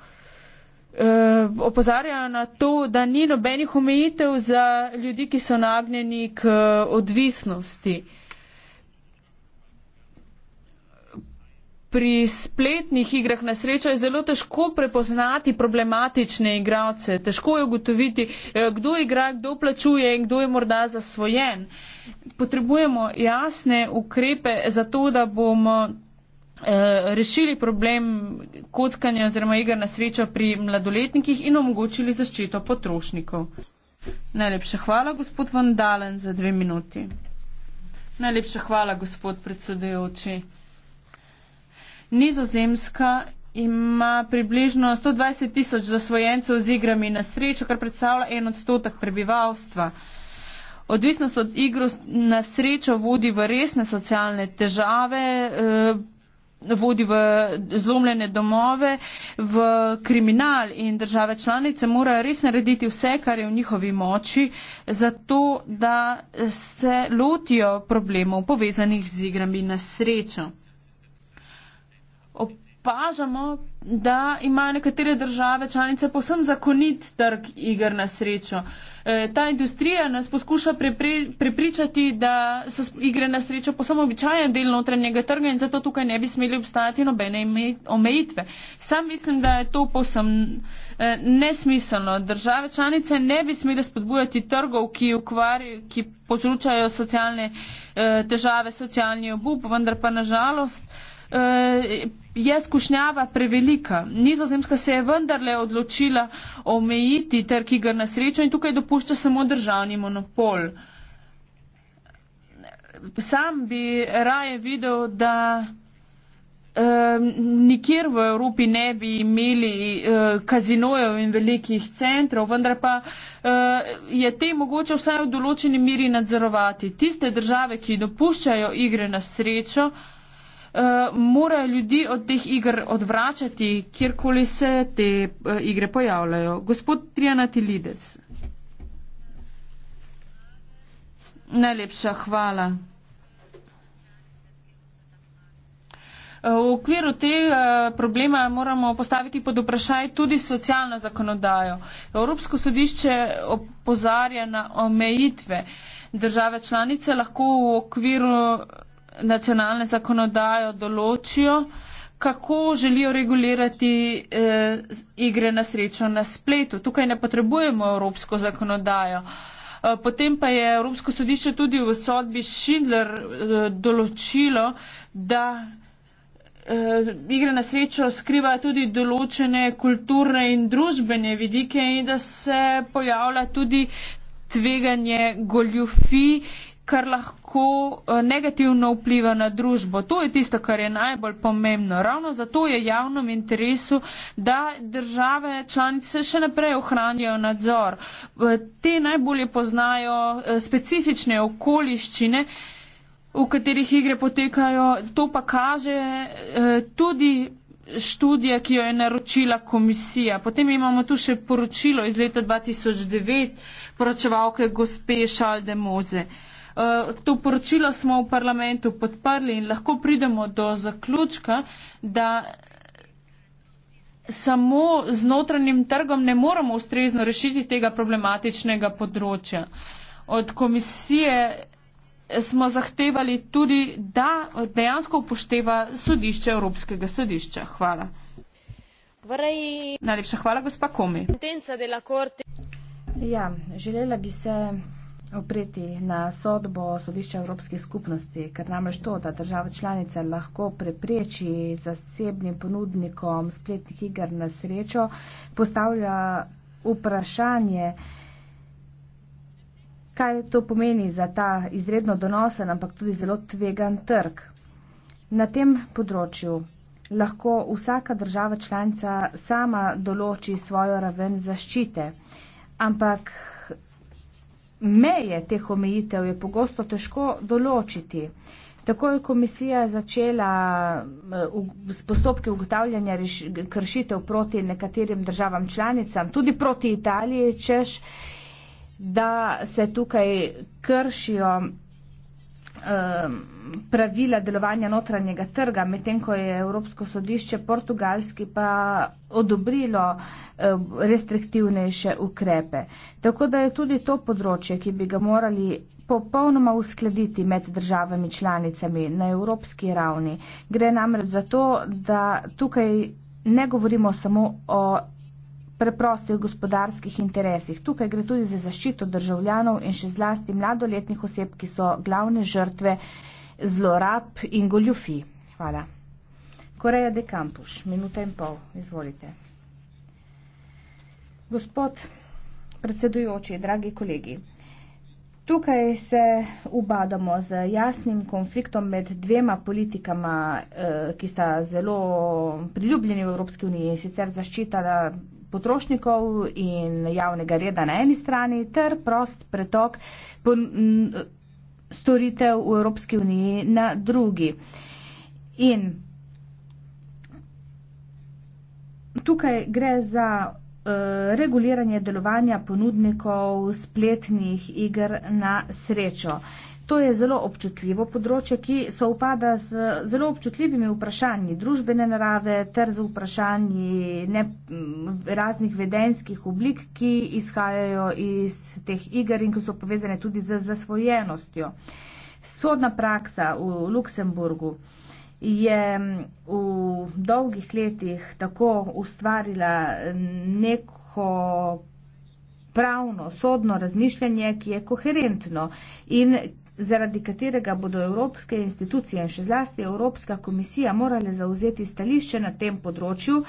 Eh, opozarjajo na to, da ni nobenih omejitev za ljudi, ki so nagnjeni k eh, odvisnosti. Pri spletnih igrah na srečo je zelo težko prepoznati problematične igralce. Težko je ugotoviti, eh, kdo igra, kdo plačuje in kdo je morda zasvojen. Potrebujemo jasne ukrepe za to, da bomo Eh, rešili problem kockanja oziroma igr na srečo pri mladoletnikih in omogočili zaščito potrošnikov. Najlepša hvala, gospod Vandalen, za dve minuti. Najlepša hvala, gospod predsedujoči. Nizozemska ima približno 120 tisoč zasvojencev z igrami na srečo, kar predstavlja en odstotek prebivalstva. Odvisnost od igr na srečo vodi v resne socialne težave, eh, vodi v zlomljene domove, v kriminal in države članice morajo res narediti vse, kar je v njihovi moči, zato da se lotijo problemov povezanih z igrami na srečo opažamo, da imajo nekatere države članice posem zakonit trg igr na srečo. E, ta industrija nas poskuša prepri, prepričati, da so igre na srečo posem običajen del notranjega trga in zato tukaj ne bi smeli obstajati nobene omejitve. Sam mislim, da je to posem e, nesmiselno. Države članice ne bi smeli spodbujati trgov, ki, ukvari, ki povzručajo socialne e, težave, socialni obup, vendar pa nažalost. E, Eh, je skušnjava prevelika. Nizozemska se je vendarle odločila omejiti trg igr na srečo in tukaj dopušča samo državni monopol. Sam bi raje videl, da eh, nikjer v Evropi ne bi imeli eh, kazinojev in velikih centrov, vendar pa eh, je te mogoče vsaj v določeni miri nadzorovati. Tiste države, ki dopuščajo igre na srečo, eh, Eh, morajo ljudi od teh iger odvračati, kjerkoli se te uh, igre pojavljajo. Gospod Trianati Lides. Najlepša hvala. Eh, v okviru tega problema moramo postaviti pod vprašaj tudi socialno zakonodajo. Evropsko sodišče opozarja na omejitve. Države članice lahko v okviru nacionalne zakonodajo določijo, kako želijo regulirati eh, igre na srečo na spletu. Tukaj ne potrebujemo evropsko zakonodajo. Eh, potem pa je Evropsko sodišče tudi v sodbi Schindler eh, določilo, da eh, igre na srečo skrivajo tudi določene kulturne in družbene vidike in da se pojavlja tudi tveganje goljufi kar lahko eh, negativno vpliva na družbo. To je tisto, kar je najbolj pomembno. Ravno zato je javnom interesu, da države članice še naprej ohranjajo nadzor. Eh, te najbolje poznajo eh, specifične okoliščine, v katerih igre potekajo. To pa kaže tudi študija, ki jo je naročila komisija. Potem imamo tu še poročilo iz leta 2009 poročevalke gospe Šalde Moze. Eh, to poročilo smo v parlamentu podprli in lahko pridemo do zaključka, da samo z notranjim trgom ne moramo ustrezno rešiti tega problematičnega področja. Od komisije smo zahtevali tudi, da dejansko upošteva sodišče Evropskega sodišča. Hvala. Vrej. Najlepša hvala, gospa Komi. Ja, želela bi se opreti na sodbo sodišča Evropske skupnosti, ker namreč to, da država članica lahko prepreči zasebnim ponudnikom spletnih igr na srečo, postavlja vprašanje, kaj to pomeni za ta izredno donosen, ampak tudi zelo tvegan trg. Na tem področju lahko vsaka država članica sama določi svojo raven zaščite, ampak meje teh omejitev je pogosto težko določiti. Tako je komisija začela eh, s postopki ugotavljanja kršitev proti nekaterim državam članicam, tudi proti Italiji, češ, da se tukaj kršijo. Um, pravila delovanja notranjega trga, medtem ko je Evropsko sodišče portugalski pa odobrilo eh, restriktivnejše ukrepe. Tako da je tudi to področje, ki bi ga morali popolnoma uskladiti med državami članicami na evropski ravni. Gre namreč za to, da tukaj ne govorimo samo o preprostih gospodarskih interesih. Tukaj gre tudi za zaščito državljanov in še zlasti mladoletnih oseb, ki so glavne žrtve zlorab in goljufi. Hvala. Koreja de Campus, minuta in pol, izvolite. Gospod predsedujoči, dragi kolegi, tukaj se ubadamo z jasnim konfliktom med dvema politikama, eh, ki sta zelo priljubljeni v Evropski uniji in sicer zaščita potrošnikov in javnega reda na eni strani ter prost pretok storitev v Evropski uniji na drugi. In tukaj gre za eh, reguliranje delovanja ponudnikov spletnih igr na srečo. To je zelo občutljivo področje, ki se upada z zelo občutljivimi vprašanji družbene narave ter z vprašanji ne, raznih vedenskih oblik, ki izhajajo iz teh igr in ki so povezane tudi z zasvojenostjo. Sodna praksa v Luksemburgu je v dolgih letih tako ustvarila neko pravno, sodno razmišljanje, ki je koherentno in zaradi katerega bodo evropske institucije in še zlasti Evropska komisija morale zauzeti stališče na tem področju,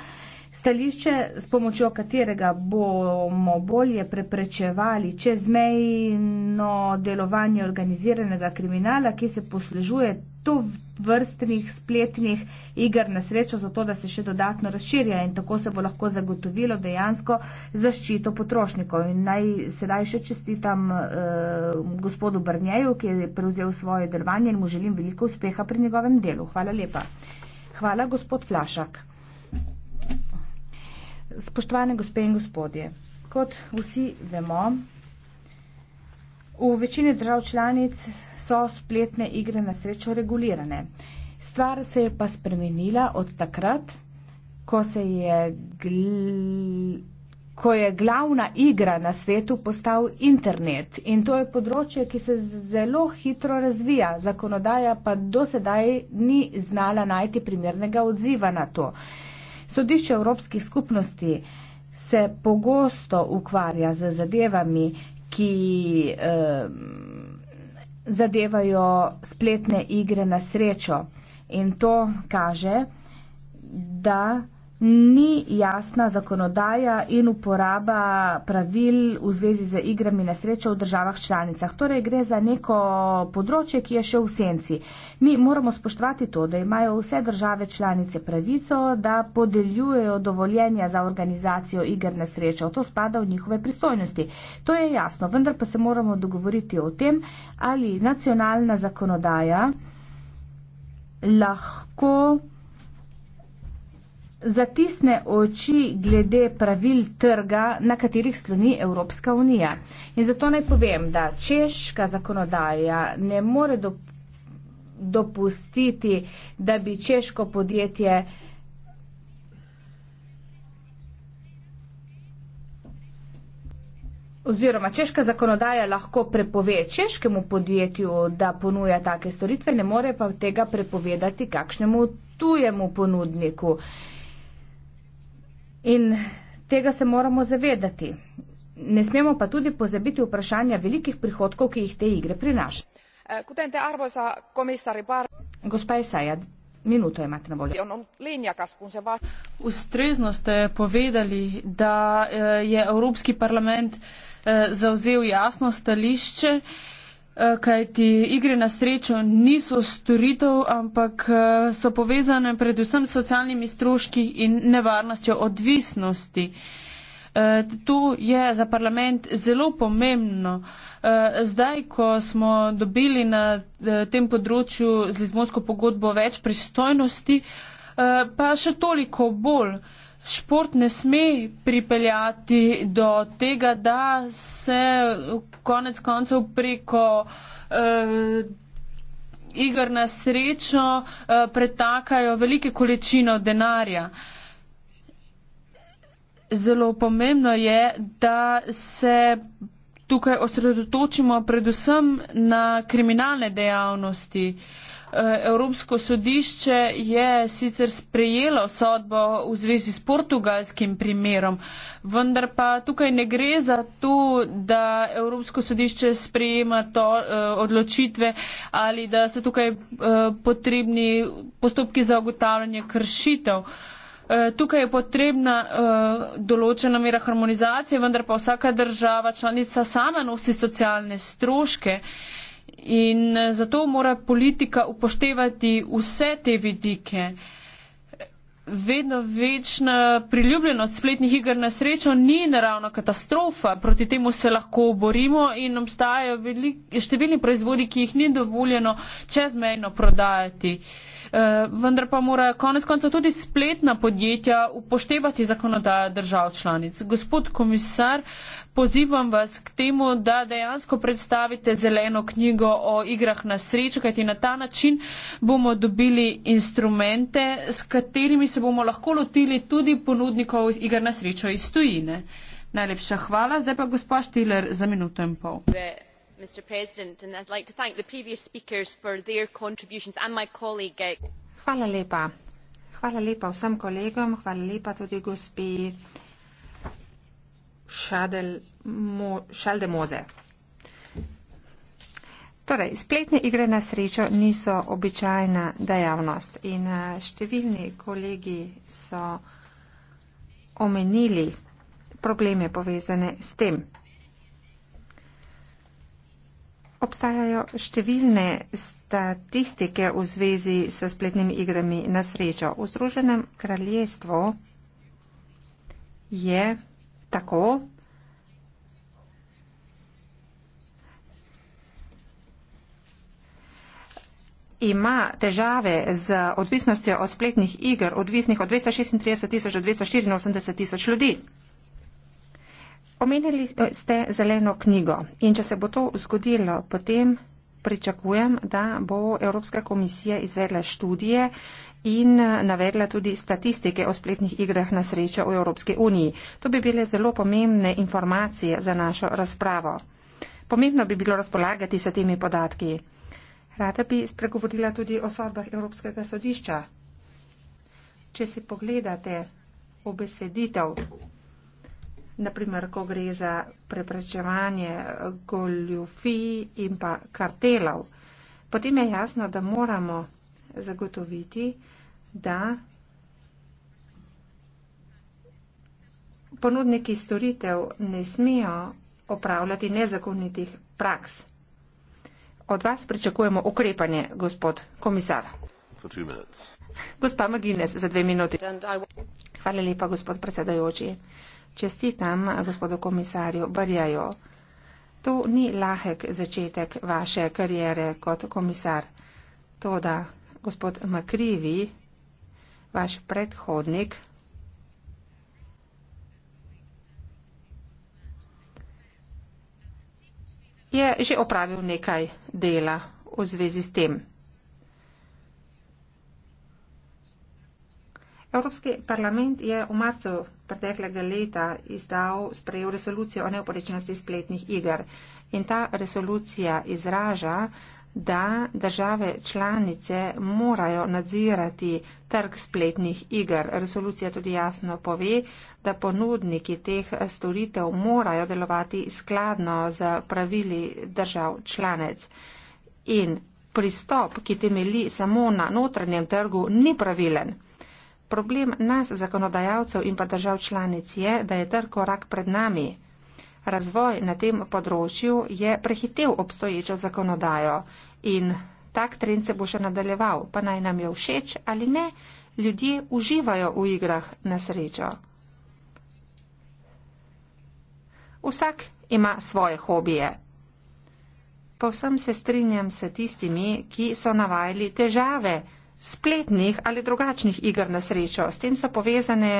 stališče, s pomočjo katerega bomo bolje preprečevali čezmejno delovanje organiziranega kriminala, ki se poslužuje tu vrstnih spletnih igr na srečo, zato da se še dodatno razširja in tako se bo lahko zagotovilo dejansko zaščito potrošnikov. In naj sedaj še čestitam eh, gospodu Brnjeju, ki je prevzel svoje delovanje in mu želim veliko uspeha pri njegovem delu. Hvala lepa. Hvala, gospod Flašak. Spoštovane gospe in gospodje, kot vsi vemo, v večini držav članic so spletne igre na srečo regulirane. Stvar se je pa spremenila od takrat, ko, se je gl... ko je glavna igra na svetu postal internet. In to je področje, ki se zelo hitro razvija. Zakonodaja pa do sedaj ni znala najti primernega odziva na to. Sodišče Evropskih skupnosti se pogosto ukvarja z zadevami, ki. Um, zadevajo spletne igre na srečo. In to kaže, da ni jasna zakonodaja in uporaba pravil v zvezi z igrami na srečo v državah članicah. Torej gre za neko področje, ki je še v senci. Mi moramo spoštovati to, da imajo vse države članice pravico, da podeljujejo dovoljenja za organizacijo igr na srečo. To spada v njihove pristojnosti. To je jasno, vendar pa se moramo dogovoriti o tem, ali nacionalna zakonodaja lahko zatisne oči glede pravil trga, na katerih sloni Evropska unija. In zato naj povem, da češka zakonodaja ne more do, dopustiti, da bi češko podjetje oziroma češka zakonodaja lahko prepove češkemu podjetju, da ponuja take storitve, ne more pa tega prepovedati kakšnemu tujemu ponudniku. In tega se moramo zavedati. Ne smemo pa tudi pozabiti vprašanja velikih prihodkov, ki jih te igre prinašajo. Eh, kuten te arvoisa komisari Bar... Gospa Isaja, minuto imate na voljo. Ustrezno ste povedali, da eh, je Evropski parlament eh, zauzel jasno stališče. Eh, kaj ti igre na srečo niso storitev, ampak eh, so povezane predvsem s socialnimi stroški in nevarnostjo odvisnosti. Eh, to je za parlament zelo pomembno. Zdaj, ko smo dobili na tem področju z Lizbonsko pogodbo več pristojnosti, pa še toliko bolj šport ne sme pripeljati do tega, da se konec koncev preko eh, igr na srečo eh, pretakajo velike količino denarja. Zelo pomembno je, da se tukaj osredotočimo predvsem na kriminalne dejavnosti. Eh, Eh, Evropsko sodišče je sicer sprejelo sodbo v zvezi s portugalskim primerom, vendar pa tukaj ne gre za to, da Evropsko sodišče sprejema to eh, odločitve ali da so tukaj eh, potrebni postopki za ogotavljanje kršitev. Tukaj je potrebna določena mera harmonizacije, vendar pa vsaka država članica sama nosi socialne stroške in eh, zato mora politika upoštevati vse te vidike. Vedno večna priljubljenost spletnih igr na srečo ni naravna katastrofa, proti temu se lahko borimo in obstajajo številni proizvodi, ki jih ni dovoljeno čezmejno prodajati. Eh, vendar pa morajo konec konca tudi spletna podjetja upoštevati zakonodajo držav članic. Gospod komisar, pozivam vas k temu, da dejansko predstavite zeleno knjigo o igrah na srečo, kajti na ta način bomo dobili instrumente, s katerimi se bomo lahko lotili tudi ponudnikov igr na srečo iz tujine. Najlepša hvala. Zdaj pa gospod Štiler za minuto in pol. Uh, Mr. President, and I'd like to thank the previous speakers for their contributions and my colleague. Uh, hvala lepa. Hvala lepa vsem kolegom, hvala lepa tudi gospi Šaldemoze. Torej, spletne igre na srečo niso običajna dejavnost in eh, številni kolegi so omenili probleme povezane s tem. Obstajajo številne statistike v zvezi s spletnimi igrami na srečo. V Združenem kraljestvu je tako. ima težave z odvisnostjo od spletnih igr, odvisnih od 236 tisoč do 284 tisoč ljudi. Omenili ste zeleno knjigo in če se bo to zgodilo, potem pričakujem, da bo Evropska komisija izvedla študije, uh, in eh, navedla tudi statistike o spletnih igrah na srečo v Evropski uniji. To bi bile zelo pomembne informacije za našo razpravo. Pomembno bi bilo razpolagati s temi podatki. Rada bi spregovorila tudi o sodbah Evropskega sodišča. Če si pogledate obeseditev, naprimer, ko gre za preprečevanje eh, goljufij in pa kartelov, potem je jasno, da moramo zagotoviti, da ponudniki storitev ne smejo opravljati nezakonitih praks. Od vas pričakujemo ukrepanje, gospod komisar. Gospa Maginez, za dve minuti. Hvala lepa, gospod predsedajoči. Čestitam gospodu komisarju Barjajo. To ni lahek začetek vaše karijere kot komisar. To, da gospod Makrivi vaš predhodnik je že opravil nekaj dela v zvezi s tem. Evropski parlament je v marcu preteklega leta izdal, sprejel resolucijo o neoporečenosti spletnih iger in ta resolucija izraža, da države članice morajo nadzirati trg spletnih igr. Resolucija tudi jasno pove, da ponudniki teh storitev morajo delovati skladno z pravili držav članic. In pristop, ki temeli samo na notranjem trgu, ni pravilen. Problem nas, zakonodajalcev in pa držav članic je, da je trg korak pred nami razvoj na tem področju je prehitev obstoječo zakonodajo in tak trend se bo še nadaljeval, pa naj nam je všeč ali ne, ljudje uživajo v igrah na srečo. Vsak ima svoje hobije. Povsem se strinjam s tistimi, ki so navajali težave spletnih ali drugačnih igr na srečo. S tem so povezane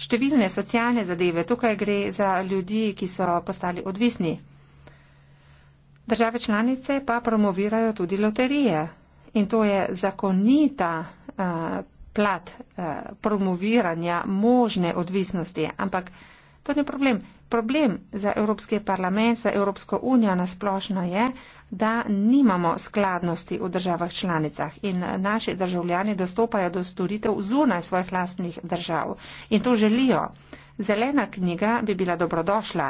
številne socialne zadeve. Tukaj gre za ljudi, ki so postali odvisni. Države članice pa promovirajo tudi loterije. In to je zakonita uh, plat uh, promoviranja možne odvisnosti. Ampak to ni problem. Problem za Evropski parlament, za Evropsko unijo nasplošno je, da nimamo skladnosti v državah članicah in naši državljani dostopajo do storitev zunaj svojih lastnih držav in to želijo. Zelena knjiga bi bila dobrodošla.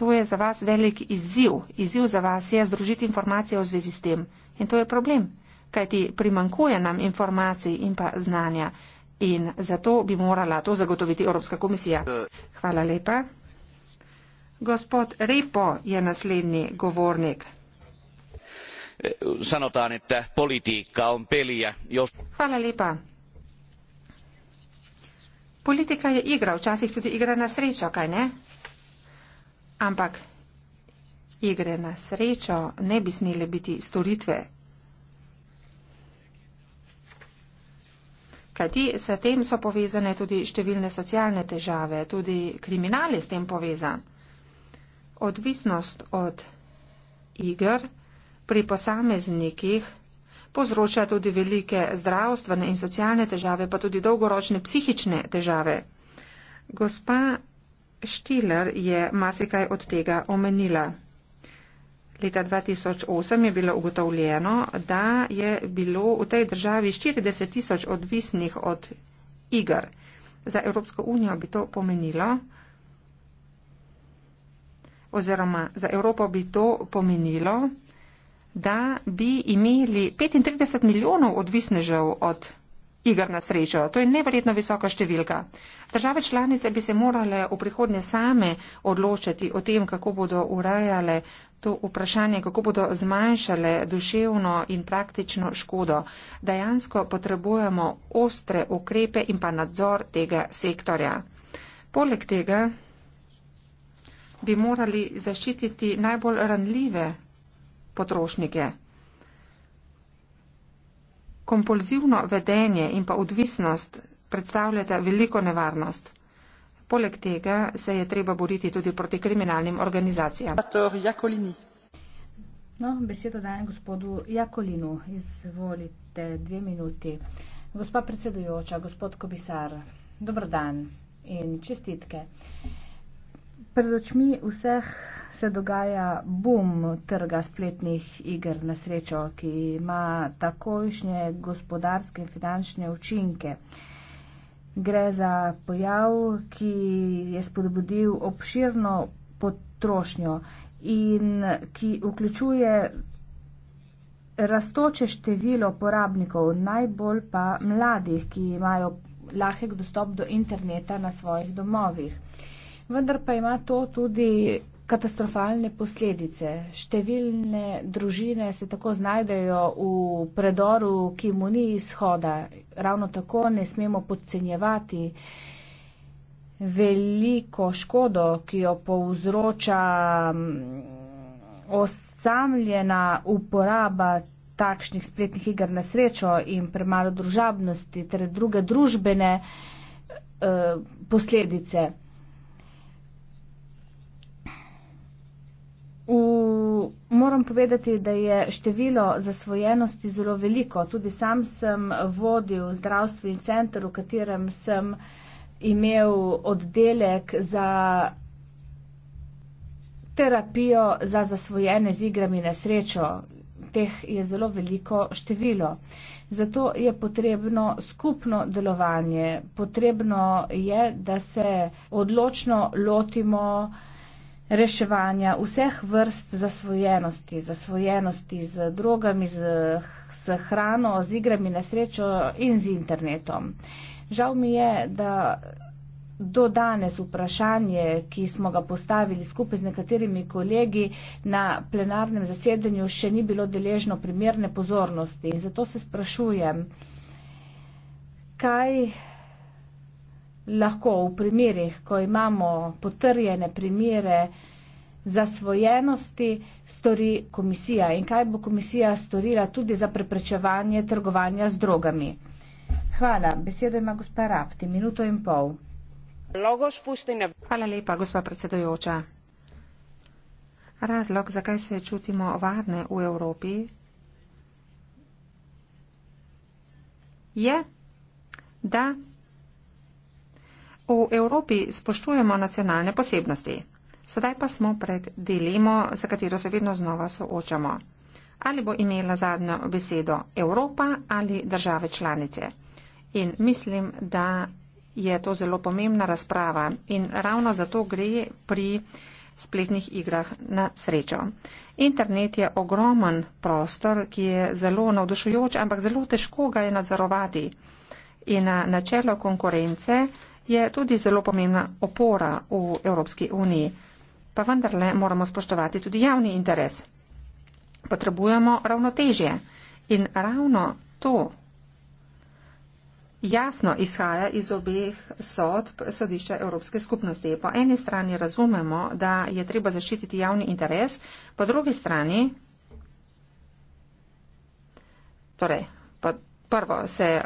To je za vas velik izziv. Izziv za vas je združiti informacije v zvezi s tem in to je problem, kajti primankuje nam informacij in pa znanja. In zato bi morala to zagotoviti Evropska komisija. Hvala lepa. Gospod Ripo je naslednji govornik. Sanotaan, että politiikka on peliä, jos... Hvala lepa. Politika je igra, včasih tudi igra na srečo, kaj ne? Ampak igre na srečo ne bi smeli biti storitve. Kajti s tem so povezane tudi številne socialne težave, tudi kriminal je s tem povezan odvisnost od iger pri posameznikih povzroča tudi velike zdravstvene in socialne težave, pa tudi dolgoročne psihične težave. Gospa Štiler je marsikaj od tega omenila. Leta 2008 je bilo ugotovljeno, da je bilo v tej državi 40 tisoč odvisnih od igr. Za Evropsko unijo bi to pomenilo, oziroma za Evropo bi to pomenilo, da bi imeli 35 milijonov odvisnežev od igr na srečo. To je neverjetno visoka številka. Države članice bi se morale v prihodnje same odločiti o tem, kako bodo urejale to vprašanje, kako bodo zmanjšale duševno in praktično škodo. Dejansko potrebujemo ostre ukrepe in pa nadzor tega sektorja. Poleg tega bi morali zaščititi najbolj ranljive potrošnike. Kompulzivno vedenje in pa odvisnost predstavljata veliko nevarnost. Poleg tega se je treba boriti tudi proti kriminalnim organizacijam. No, besedo dajem gospodu Jakolinu. Izvolite dve minuti. Gospa predsedujoča, gospod komisar, dobrodan in čestitke pred očmi vseh se dogaja bum trga spletnih iger na srečo, ki ima takojšnje gospodarske in finančne učinke. Gre za pojav, ki je spodbudil obširno potrošnjo in ki vključuje rastoče število porabnikov, najbolj pa mladih, ki imajo lahek dostop do interneta na svojih domovih vendar pa ima to tudi katastrofalne posledice. Številne družine se tako znajdejo v predoru, ki mu ni izhoda. Ravno tako ne smemo podcenjevati veliko škodo, ki jo povzroča mm, osamljena uporaba takšnih spletnih igr na srečo in premalo družabnosti ter druge družbene eh, posledice. V, moram povedati, da je število zasvojenosti zelo veliko. Tudi sam sem vodil zdravstveni center, v katerem sem imel oddelek za terapijo za zasvojene z igrami na srečo. Teh je zelo veliko število. Zato je potrebno skupno delovanje. Potrebno je, da se odločno lotimo reševanja vseh vrst zasvojenosti, zasvojenosti z drogami, z, z hrano, z igrami na srečo in z internetom. Žal mi je, da do danes vprašanje, ki smo ga postavili skupaj z nekaterimi kolegi na plenarnem zasedanju, še ni bilo deležno primerne pozornosti. In zato se sprašujem, kaj lahko v primerih, ko imamo potrjene primere zasvojenosti, stori komisija in kaj bo komisija storila tudi za preprečevanje trgovanja z drogami. Hvala. Besedo ima gospa Rapti. Minuto in pol. Hvala lepa, gospa predsedojoča. Razlog, zakaj se čutimo varne v Evropi, je, da v Evropi spoštujemo nacionalne posebnosti. Sedaj pa smo pred dilemo, za katero se vedno znova soočamo. Ali bo imela zadnjo besedo Evropa ali države članice? In mislim, da je to zelo pomembna razprava in ravno zato gre pri spletnih igrah na srečo. Internet je ogromen prostor, ki je zelo navdušujoč, ampak zelo težko ga je nadzorovati. In na načelo konkurence je tudi zelo pomembna opora v Evropski uniji. Pa vendarle moramo spoštovati tudi javni interes. Potrebujemo ravnotežje in ravno to jasno izhaja iz obeh sodb sodišča Evropske skupnosti. Po eni strani razumemo, da je treba zaščititi javni interes, po drugi strani, torej, po, prvo se eh,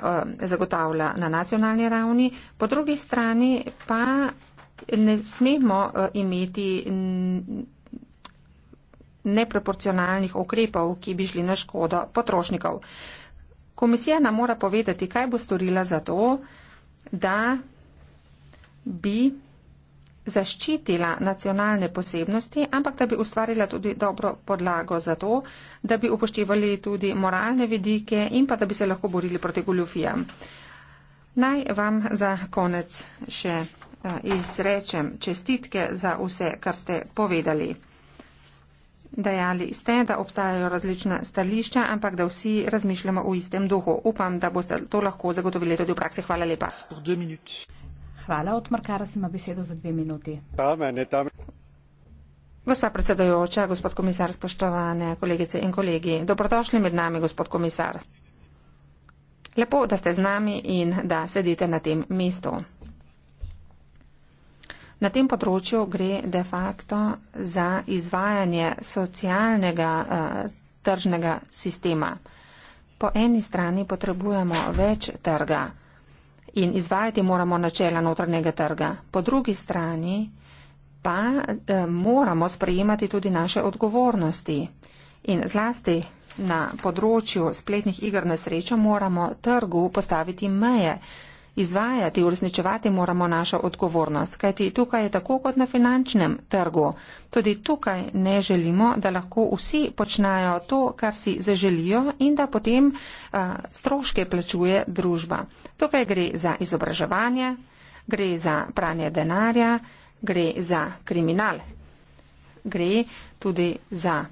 zagotavlja na nacionalni ravni, po drugi strani pa ne smemo eh, imeti neproporcionalnih ukrepov, ki bi šli na škodo potrošnikov. Komisija nam mora povedati, kaj bo storila za to, da bi zaščitila nacionalne posebnosti, ampak da bi ustvarila tudi dobro podlago za to, da bi upoštevali tudi moralne vidike in pa da bi se lahko borili proti goljufijam. Naj vam za konec še eh, izrečem čestitke za vse, kar ste povedali. Dajali ste, da obstajajo različna stališča, ampak da vsi razmišljamo v istem duhu. Upam, da boste to lahko zagotovili tudi v praksi. Hvala lepa. Hvala, odmrkara si ima besedo za dve minuti. Amen, amen. Gospa predsedojoča, gospod komisar, spoštovane kolegice in kolegi, dobrodošli med nami, gospod komisar. Lepo, da ste z nami in da sedite na tem mestu. Na tem področju gre de facto za izvajanje socialnega uh, tržnega sistema. Po eni strani potrebujemo več trga in izvajati moramo načela notranjega trga. Po drugi strani pa eh, moramo sprejemati tudi naše odgovornosti in zlasti na področju spletnih igr na srečo moramo trgu postaviti meje, izvajati, uresničevati moramo našo odgovornost, kajti tukaj je tako kot na finančnem trgu. Tudi tukaj ne želimo, da lahko vsi počnajo to, kar si zaželijo in da potem a, eh, stroške plačuje družba. Tukaj gre za izobraževanje, gre za pranje denarja, gre za kriminal, gre tudi za.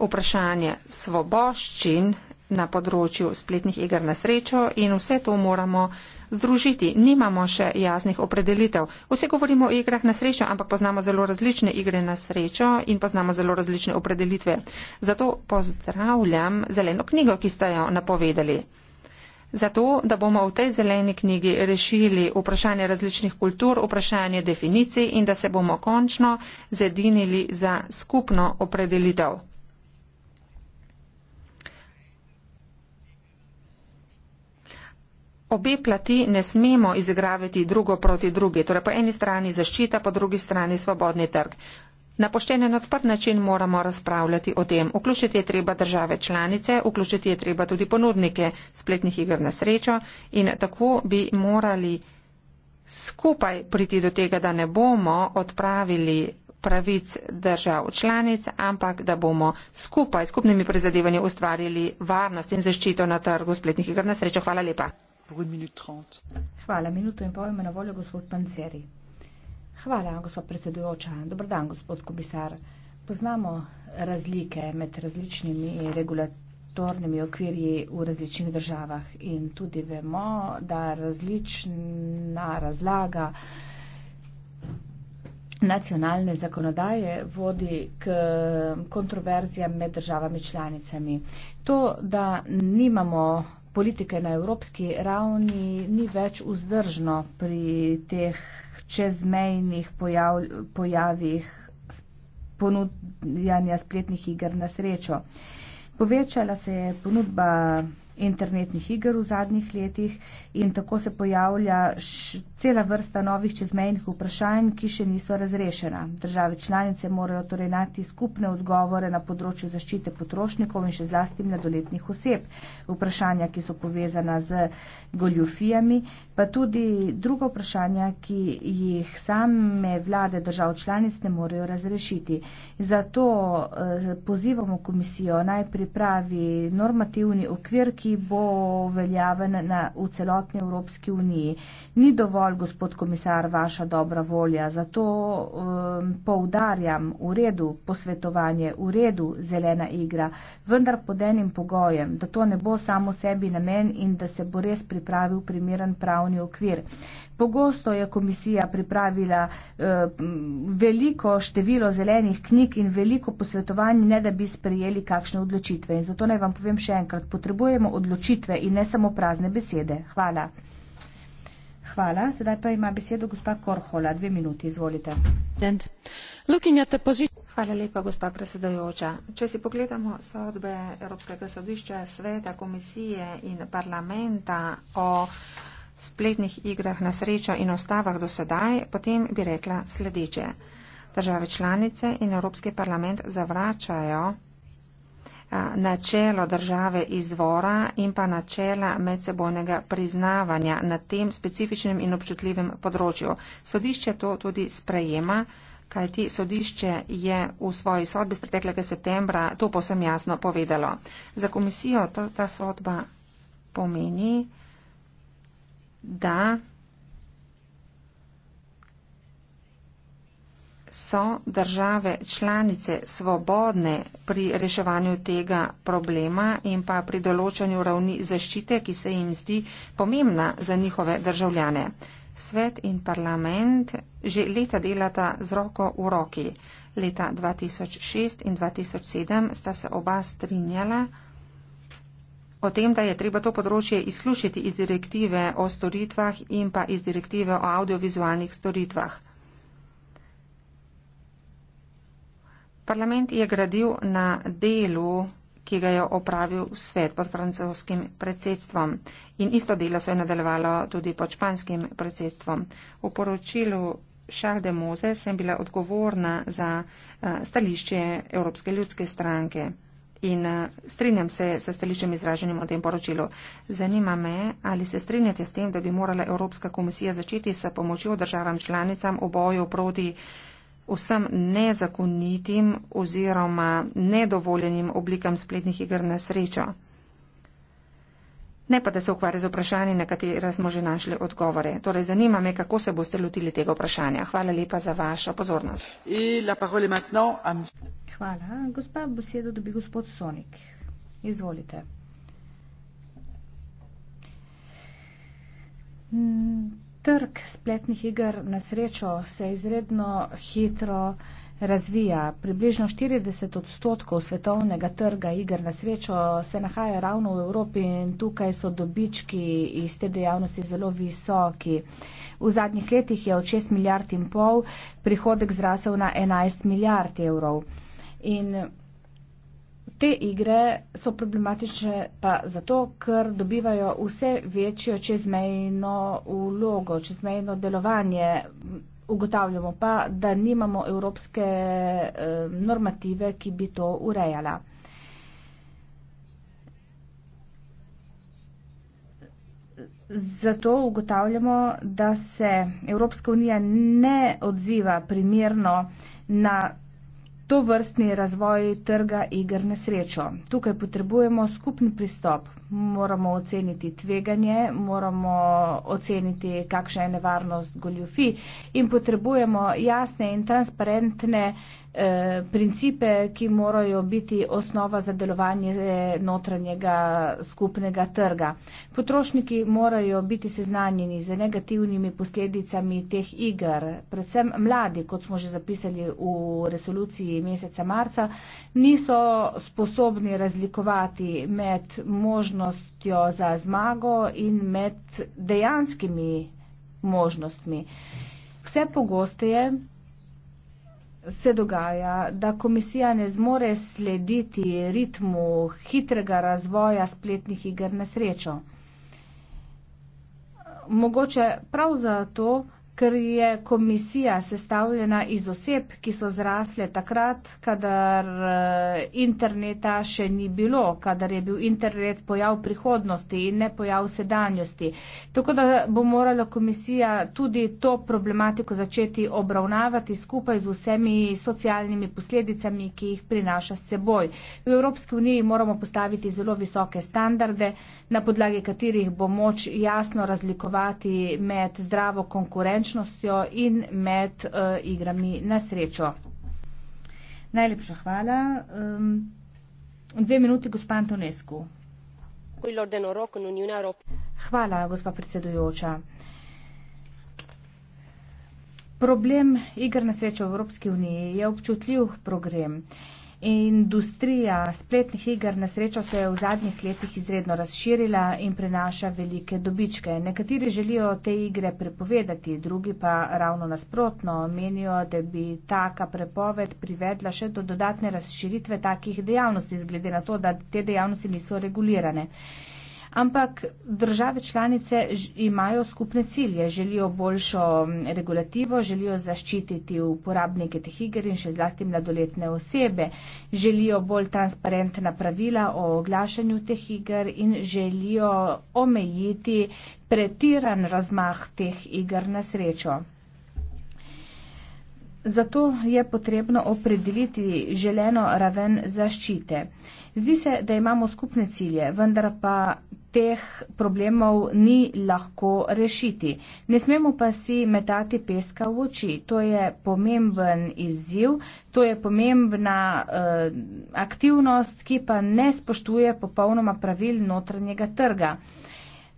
Vprašanje svoboščin na področju spletnih igr na srečo in vse to moramo združiti. Nimamo še jasnih opredelitev. Vsi govorimo o igrah na srečo, ampak poznamo zelo različne igre na srečo in poznamo zelo različne opredelitve. Zato pozdravljam zeleno knjigo, ki ste jo napovedali. Zato, da bomo v tej zeleni knjigi rešili vprašanje različnih kultur, vprašanje definicij in da se bomo končno zedinili za skupno opredelitev. obe plati ne smemo izigravati drugo proti drugi, torej po eni strani zaščita, po drugi strani svobodni trg. Na pošteni in odprt način moramo razpravljati o tem. Vključiti je treba države članice, vključiti je treba tudi ponudnike spletnih igr na srečo in tako bi morali skupaj priti do tega, da ne bomo odpravili pravic držav članic, ampak da bomo skupaj, skupnimi prizadevanji ustvarili varnost in zaščito na trgu spletnih igr na srečo. Hvala lepa pour une minute trente. Hvala, minuto in pol ima na voljo gospod Panceri. Hvala, gospod predsedujoča. Dobar dan, gospod komisar. Poznamo razlike med različnimi regulatornimi okvirji v različnih državah in tudi vemo, da različna razlaga nacionalne zakonodaje vodi k kontroverzijam med državami članicami. To, da nimamo politike na evropski ravni ni več vzdržno pri teh čezmejnih pojav, pojavih ponudjanja spletnih iger na srečo. Povečala se je ponudba internetnih iger v zadnjih letih, in tako se pojavlja cela vrsta novih čezmejnih vprašanj, ki še niso razrešena. Države članice morajo torej najti skupne odgovore na področju zaščite potrošnikov in še zlasti mladoletnih oseb. Vprašanja, ki so povezana z goljufijami, pa tudi druga vprašanja, ki jih same vlade držav članic ne morejo razrešiti. Zato eh, pozivamo komisijo naj pripravi normativni okvir, ki bo veljaven na, v celoti celotni Evropski uniji. Ni dovolj, gospod komisar, vaša dobra volja, zato um, poudarjam, v redu posvetovanje, v redu zelena igra, vendar pod enim pogojem, da to ne bo samo sebi namen in da se bo res pripravil primeren pravni okvir. Pogosto je komisija pripravila eh, veliko število zelenih knjig in veliko posvetovanj, ne da bi sprejeli kakšne odločitve. In zato naj vam povem še enkrat, potrebujemo odločitve in ne samo prazne besede. Hvala. Hvala. Sedaj pa ima besedo gospa Korhola. Dve minuti, izvolite. Hvala lepa, gospa predsedajoča. Če si pogledamo sodbe Evropskega sodišča, sveta, komisije in parlamenta o spletnih igrah na srečo in ostavah do sedaj, potem bi rekla sledeče. Države članice in Evropski parlament zavračajo načelo države izvora in pa načela medsebojnega priznavanja na tem specifičnem in občutljivem področju. Sodišče to tudi sprejema, kajti sodišče je v svoji sodbi z preteklega septembra to posem jasno povedalo. Za komisijo to, ta sodba pomeni, da so države članice svobodne pri reševanju tega problema in pa pri določanju ravni zaščite, ki se jim zdi pomembna za njihove državljane. Svet in parlament že leta delata z roko v roki. Leta 2006 in 2007 sta se oba strinjala, o tem, da je treba to področje izključiti iz direktive o storitvah in pa iz direktive o audiovizualnih storitvah. Parlament je gradil na delu, ki ga je opravil svet pod francoskim predsedstvom in isto delo se je nadaljevalo tudi pod španskim predsedstvom. V poročilu Charles de Mose sem bila odgovorna za eh, stališče Evropske ljudske stranke in eh, strinjam se s stališčem izraženim v tem poročilu. Zanima me, ali se strinjate s tem, da bi morala Evropska komisija začeti s pomočjo državam članicam v boju proti vsem nezakonitim oziroma nedovoljenim oblikam spletnih igr na srečo ne pa da se ukvarja z vprašanji, na katera smo že našli odgovore. Torej, zanima me, kako se boste lotili tega vprašanja. Hvala lepa za vašo pozornost. Hvala. Gospa, besedo dobi gospod Sonik. Izvolite. Mm, trg spletnih igr na srečo se izredno hitro razvija. Približno 40 odstotkov svetovnega trga igr na srečo se nahaja ravno v Evropi in tukaj so dobički iz te dejavnosti zelo visoki. V zadnjih letih je od 6 milijard in pol prihodek zrasel na 11 milijard evrov. In Te igre so problematične pa zato, ker dobivajo vse večjo čezmejno vlogo, čezmejno delovanje. Ugotavljamo pa, da nimamo evropske eh, normative, ki bi to urejala. Zato ugotavljamo, da se Evropska unija ne odziva primerno na to vrstni razvoj trga igr na srečo. Tukaj potrebujemo skupni pristop moramo oceniti tveganje, moramo oceniti, kakšna je nevarnost goljufi in potrebujemo jasne in transparentne Eh, principe, ki morajo biti osnova za delovanje eh, notranjega skupnega trga. Potrošniki morajo biti seznanjeni z negativnimi posledicami teh igr. Predvsem mladi, kot smo že zapisali v resoluciji meseca marca, niso sposobni razlikovati med možnostjo za zmago in med dejanskimi možnostmi. Vse pogosteje se dogaja, da komisija ne zmore slediti ritmu hitrega razvoja spletnih iger na srečo. Mogoče prav zato, ker je komisija sestavljena iz oseb, ki so zrasle takrat, kadar eh, interneta še ni bilo, kadar je bil internet pojav prihodnosti in ne pojav sedanjosti. Tako da bo morala komisija tudi to problematiko začeti obravnavati skupaj z vsemi socialnimi posledicami, ki jih prinaša s seboj. V Evropski uniji moramo postaviti zelo visoke standarde, na podlagi katerih bo moč jasno razlikovati med zdravo konkurenčnostjo, konkurenčnostjo in med uh, igrami na srečo. Najlepša hvala. Um, dve minuti, gospod Antonescu. Hvala, gospa predsedujoča. Problem igr na srečo v Evropski uniji je občutljiv problem. Industrija spletnih iger na srečo se je v zadnjih letih izredno razširila in prenaša velike dobičke. Nekateri želijo te igre prepovedati, drugi pa ravno nasprotno menijo, da bi taka prepoved privedla še do dodatne razširitve takih dejavnosti, zglede na to, da te dejavnosti niso regulirane ampak države članice imajo skupne cilje, želijo boljšo regulativo, želijo zaščititi uporabnike teh iger in še zlasti mladoletne osebe, želijo bolj transparentna pravila o oglašanju teh iger in želijo omejiti pretiran razmah teh iger na srečo. Zato je potrebno opredeliti želeno raven zaščite. Zdi se, da imamo skupne cilje, vendar pa teh problemov ni lahko rešiti. Ne smemo pa si metati peska v oči. To je pomemben izziv, to je pomembna eh, aktivnost, ki pa ne spoštuje popolnoma pravil notranjega trga.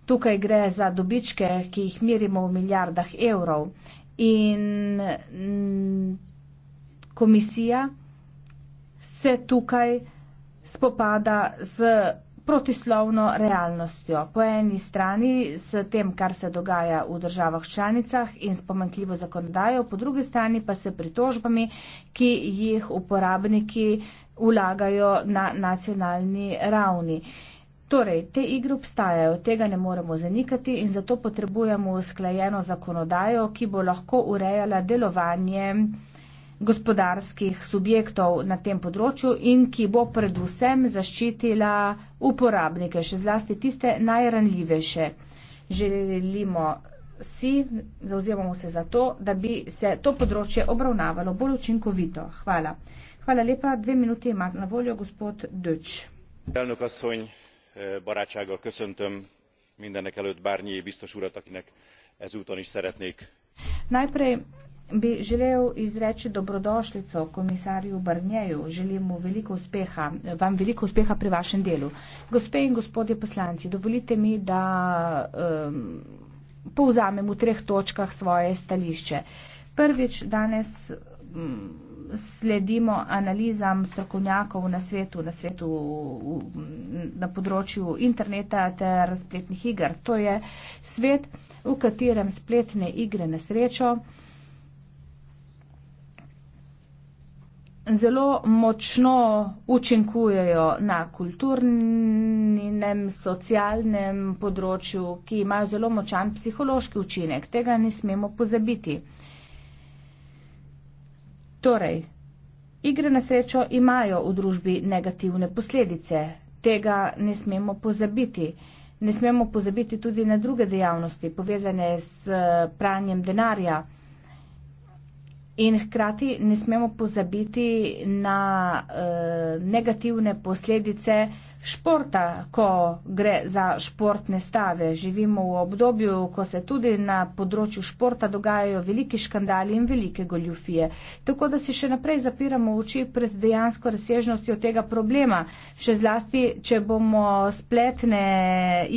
Tukaj gre za dobičke, ki jih merimo v milijardah evrov. In mm, komisija se tukaj spopada z protislovno realnostjo. Po eni strani s tem, kar se dogaja v državah članicah in s pomankljivo zakonodajo, po drugi strani pa se pritožbami, ki jih uporabniki vlagajo na nacionalni ravni. Uh, Torej, te igre obstajajo, tega ne moremo zanikati in zato potrebujemo usklajeno zakonodajo, ki bo lahko urejala delovanje gospodarskih subjektov na tem področju in ki bo predvsem zaščitila uporabnike, še zlasti tiste najranljivejše. Želimo si, zauzemamo se za to, da bi se to področje obravnavalo bolj učinkovito. Hvala. Hvala lepa. Dve minuti ima na voljo gospod Deč barátsággal köszöntöm mindenekelőtt barnier biztos urat akinek ezúton is szeretnék Najprej bi želel izreči dobrodošlico komisarju Barnjeju. Želim mu veliko uspeha, vam veliko uspeha pri vašem delu. Gospe in gospodje poslanci, dovolite mi, da um, povzamem v treh točkah svoje stališče. Prvič, danes um, sledimo analizam strokovnjakov na svetu, na svetu na področju interneta ter spletnih igr. To je svet, v katerem spletne igre na srečo zelo močno učinkujejo na kulturnem, socialnem področju, ki imajo zelo močan psihološki učinek. Tega ne smemo pozabiti. Torej, igre na srečo imajo v družbi negativne posledice. Tega ne smemo pozabiti. Ne smemo pozabiti tudi na druge dejavnosti, povezane s eh, pranjem denarja. In hkrati ne smemo pozabiti na uh, negativne posledice uh, športa, ko gre za športne stave. Živimo v obdobju, ko se tudi na področju športa dogajajo veliki škandali in velike goljufije. Tako da si še naprej zapiramo oči pred dejansko razsežnostjo tega problema. Še zlasti, če bomo spletne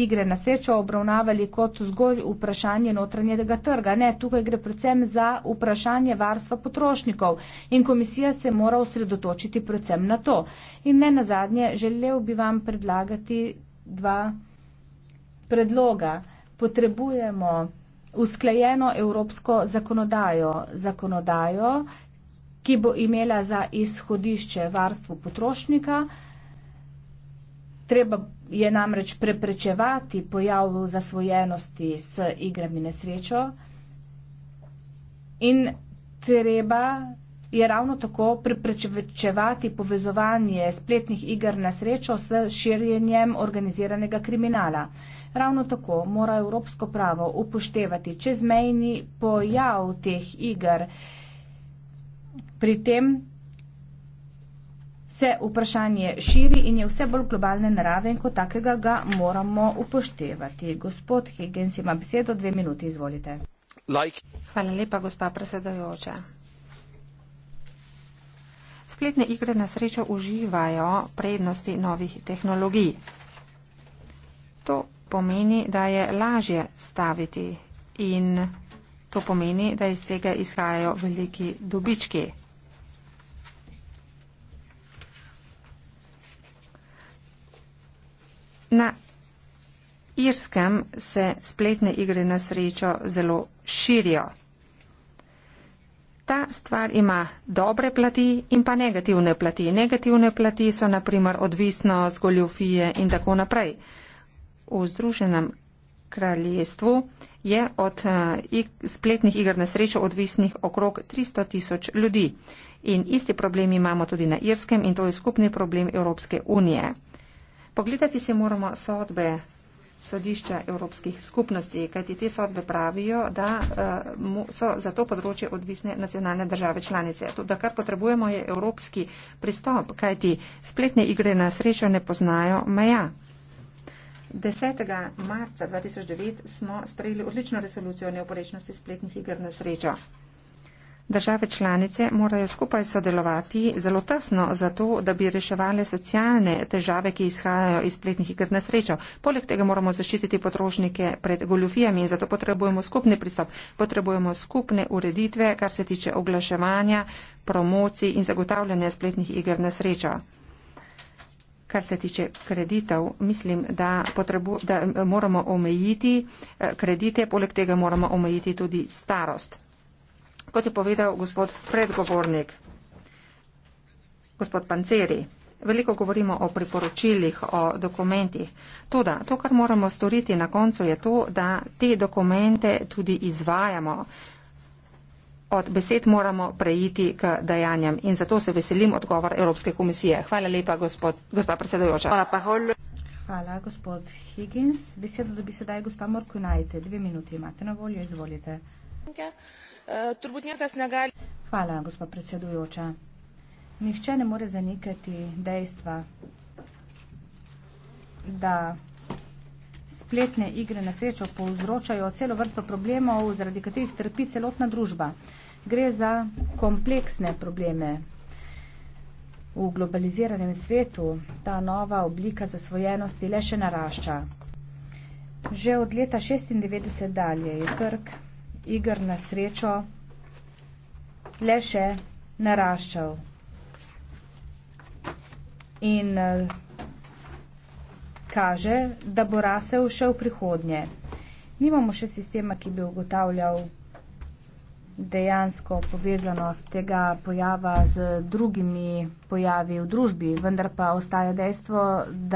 igre na srečo obravnavali kot zgolj vprašanje notranjega trga. Ne, tukaj gre predvsem za vprašanje varstva potrošnikov in komisija se mora osredotočiti predvsem na to. In ne nazadnje, želel bi vam predlagati dva predloga. Potrebujemo usklajeno evropsko zakonodajo, zakonodajo, ki bo imela za izhodišče varstvo potrošnika. Treba je namreč preprečevati pojav zasvojenosti s igrami nesrečo in treba je ravno tako preprečevati povezovanje spletnih igr na srečo s širjenjem organiziranega kriminala. Ravno tako mora evropsko pravo upoštevati čezmejni pojav teh igr. Pri tem se vprašanje širi in je vse bolj globalne narave in kot takega ga moramo upoštevati. Gospod Higgins ima besedo, dve minuti izvolite. Like. Hvala lepa, gospa predsedajoča spletne igre na srečo uživajo prednosti novih tehnologij. To pomeni, da je lažje staviti in to pomeni, da iz tega izhajajo veliki dobički. Na Irskem se spletne igre na srečo zelo širijo ta stvar ima dobre plati in pa negativne plati. Negativne plati so naprimer odvisno z goljofije in tako naprej. V Združenem kraljestvu je od uh, spletnih igr na srečo odvisnih okrog 300 tisoč ljudi. In isti problem imamo tudi na Irskem in to je skupni problem Evropske unije. Pogledati si moramo sodbe sodišča Evropskih skupnosti, kajti te sodbe pravijo, da eh, so za to področje odvisne nacionalne države članice. To, da kar potrebujemo, je evropski pristop, kajti spletne igre na srečo ne poznajo meja. 10. marca 2009 smo sprejeli odlično resolucijo o neoporečnosti spletnih iger na srečo. Države članice morajo skupaj sodelovati zelo tesno zato, da bi reševali socialne težave, ki izhajajo iz spletnih igr na srečo. Poleg tega moramo zaščititi potrošnike pred goljufijami in zato potrebujemo skupni pristop, potrebujemo skupne ureditve, kar se tiče oglaševanja, promocij in zagotavljanja spletnih igr na srečo. Kar se tiče kreditov, mislim, da, potrebu, da moramo omejiti eh, kredite, poleg tega moramo omejiti tudi starost kot je povedal gospod predgovornik, gospod Panceri. Veliko govorimo o priporočilih, o dokumentih. Toda, to, kar moramo storiti na koncu, je to, da te dokumente tudi izvajamo. Od besed moramo preiti k dejanjem in zato se veselim odgovor Evropske komisije. Hvala lepa, gospod, gospa predsedojoča. Hvala, Hvala, gospod Higgins. Besedo dobi sedaj gospa Morkunajte. Dve minuti imate na voljo, izvolite. Ja turbūt niekas negali. Hvala, gospod predsedujoča. Nihče ne more zanikati dejstva, da spletne igre na srečo povzročajo celo vrsto problemov, zaradi katerih trpi celotna družba. Gre za kompleksne probleme. V globaliziranem svetu ta nova oblika zasvojenosti le še narašča. Že od leta 1996 dalje je trg iger na srečo le še naraščal. In eh, kaže, da bo rasel še v prihodnje. Nimamo še sistema, ki bi ugotavljal dejansko povezanost tega pojava z drugimi pojavi v družbi, vendar pa ostaja dejstvo,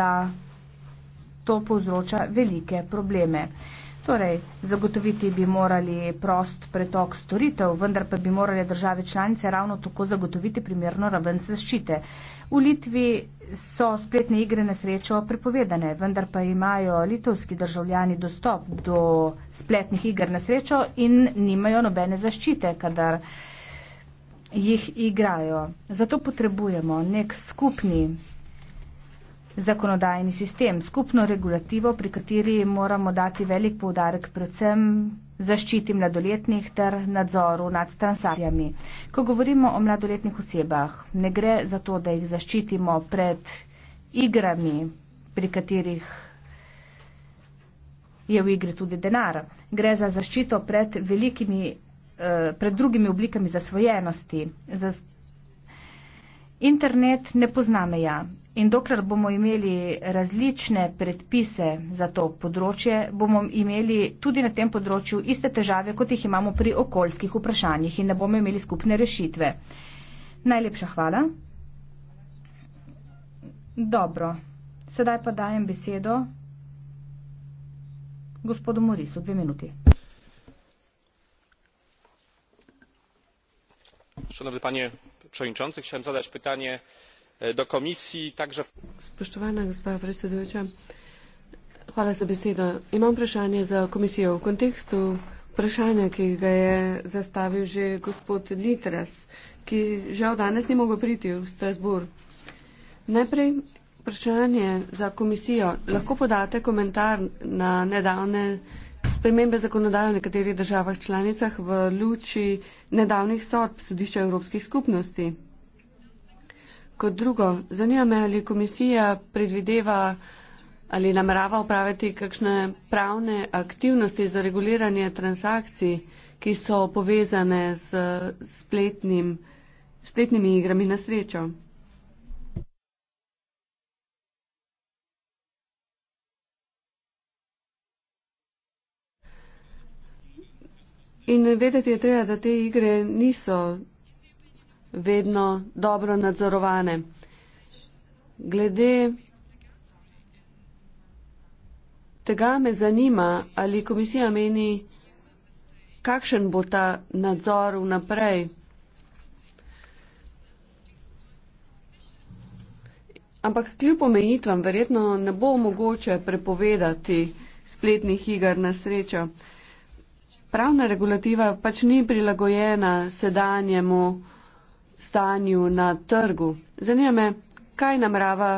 da to povzroča velike probleme. Torej, zagotoviti bi morali prost pretok storitev, vendar pa bi morali države članice ravno tako zagotoviti primerno raven zaščite. V Litvi so spletne igre na srečo prepovedane, vendar pa imajo litovski državljani dostop do spletnih igr na srečo in nimajo nobene zaščite, kadar jih igrajo. Zato potrebujemo nek skupni zakonodajni sistem, skupno regulativo, pri kateri moramo dati velik poudarek predvsem zaščiti mladoletnih ter nadzoru nad transakcijami. Ko govorimo o mladoletnih osebah, ne gre za to, da jih zaščitimo pred igrami, pri katerih je v igri tudi denar. Gre za zaščito pred, velikimi, eh, pred drugimi oblikami zasvojenosti, za Internet ne pozna meja in dokler bomo imeli različne predpise za to področje, bomo imeli tudi na tem področju iste težave, kot jih imamo pri okoljskih vprašanjih in ne bomo imeli skupne rešitve. Najlepša hvala. Dobro, sedaj pa dajem besedo gospodu Morisu, dve minuti. Szanowny Panie przewodniczący! chciałem zadać pytanie e, do komisji także w spoštovana gospa predsedujoča hvala za besedo imam vprašanje za komisijo v kontekstu vprašanja ki ga je zastavil že gospod nitras ki žal danes ni mogel priti v strasbourg najprej vprašanje za komisijo lahko podate komentar na nedavne spremembe zakonodaje v nekaterih državah članicah v luči nedavnih sodb sodišča Evropskih skupnosti. Kot drugo, zanima me, ali komisija predvideva ali namerava upraviti kakšne pravne aktivnosti za reguliranje transakcij, ki so povezane z spletnim, spletnimi igrami na srečo. In vedeti je treba, da te igre niso vedno dobro nadzorovane. Glede tega me zanima, ali komisija meni, kakšen bo ta nadzor vnaprej. Ampak kljub omejitvam, verjetno ne bo mogoče prepovedati spletnih igr na srečo pravna regulativa pač ni prilagojena sedanjemu stanju na trgu. Zanima me, kaj namrava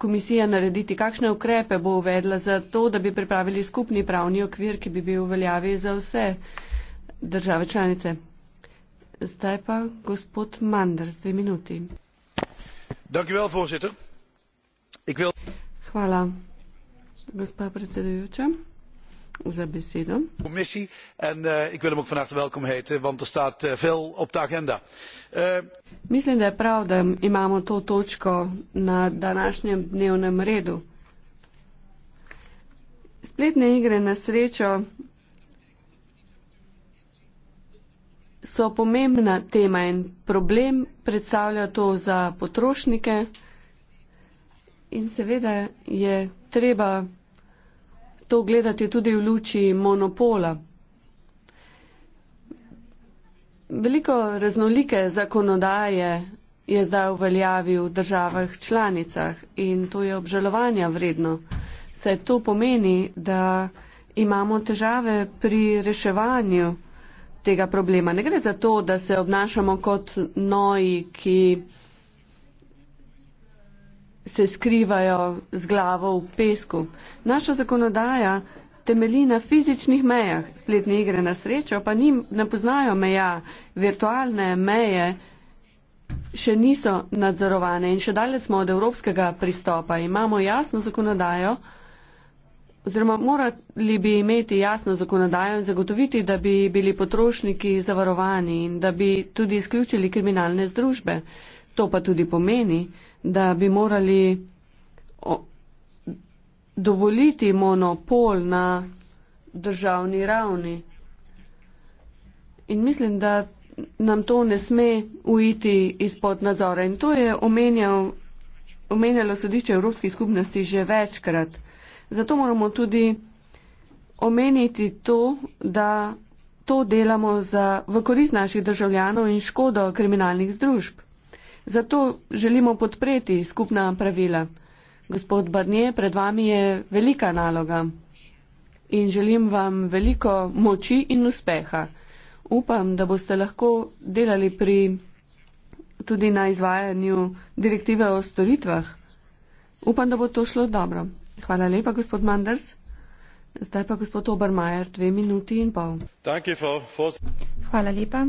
komisija narediti, kakšne ukrepe bo uvedla za to, da bi pripravili skupni pravni okvir, ki bi bil veljavi za vse države članice. Zdaj pa gospod Mandr, dve minuti. Dankjewel, voorzitter. Ik wil... Hvala, gospa predsedujoča za besedo. Komisij in uh, eh, ik wil hem ook van harte welkom heten, want er staat uh, veel op de agenda. Uh, Mislim, da je prav, da imamo to točko na današnjem dnevnem redu. Spletne igre na srečo so pomembna tema in problem predstavlja to za potrošnike in seveda je treba to gledati tudi v luči monopola. Veliko raznolike zakonodaje je zdaj v veljavi v državah članicah in to je obžalovanja vredno. Se to pomeni, da imamo težave pri reševanju tega problema. Ne gre za to, da se obnašamo kot noji, ki se skrivajo z glavo v pesku. Naša zakonodaja temelji na fizičnih mejah, spletne igre na srečo pa njim ne poznajo meja, virtualne meje še niso nadzorovane in še dalec smo od evropskega pristopa. Imamo jasno zakonodajo oziroma morali bi imeti jasno zakonodajo in zagotoviti, da bi bili potrošniki zavarovani in da bi tudi izključili kriminalne združbe. To pa tudi pomeni, da bi morali dovoliti monopol na državni ravni. In mislim, da nam to ne sme uiti izpod nadzora. In to je omenjal, omenjalo sodišče Evropskih skupnosti že večkrat. Zato moramo tudi omeniti to, da to delamo za, v korist naših državljanov in škodo kriminalnih združb. Zato želimo podpreti skupna pravila. Gospod Barnier, pred vami je velika naloga in želim vam veliko moči in uspeha. Upam, da boste lahko delali pri tudi na izvajanju direktive o storitvah. Upam, da bo to šlo dobro. Hvala lepa, gospod Manders. Zdaj pa gospod Obermajer, dve minuti in pol. Hvala lepa.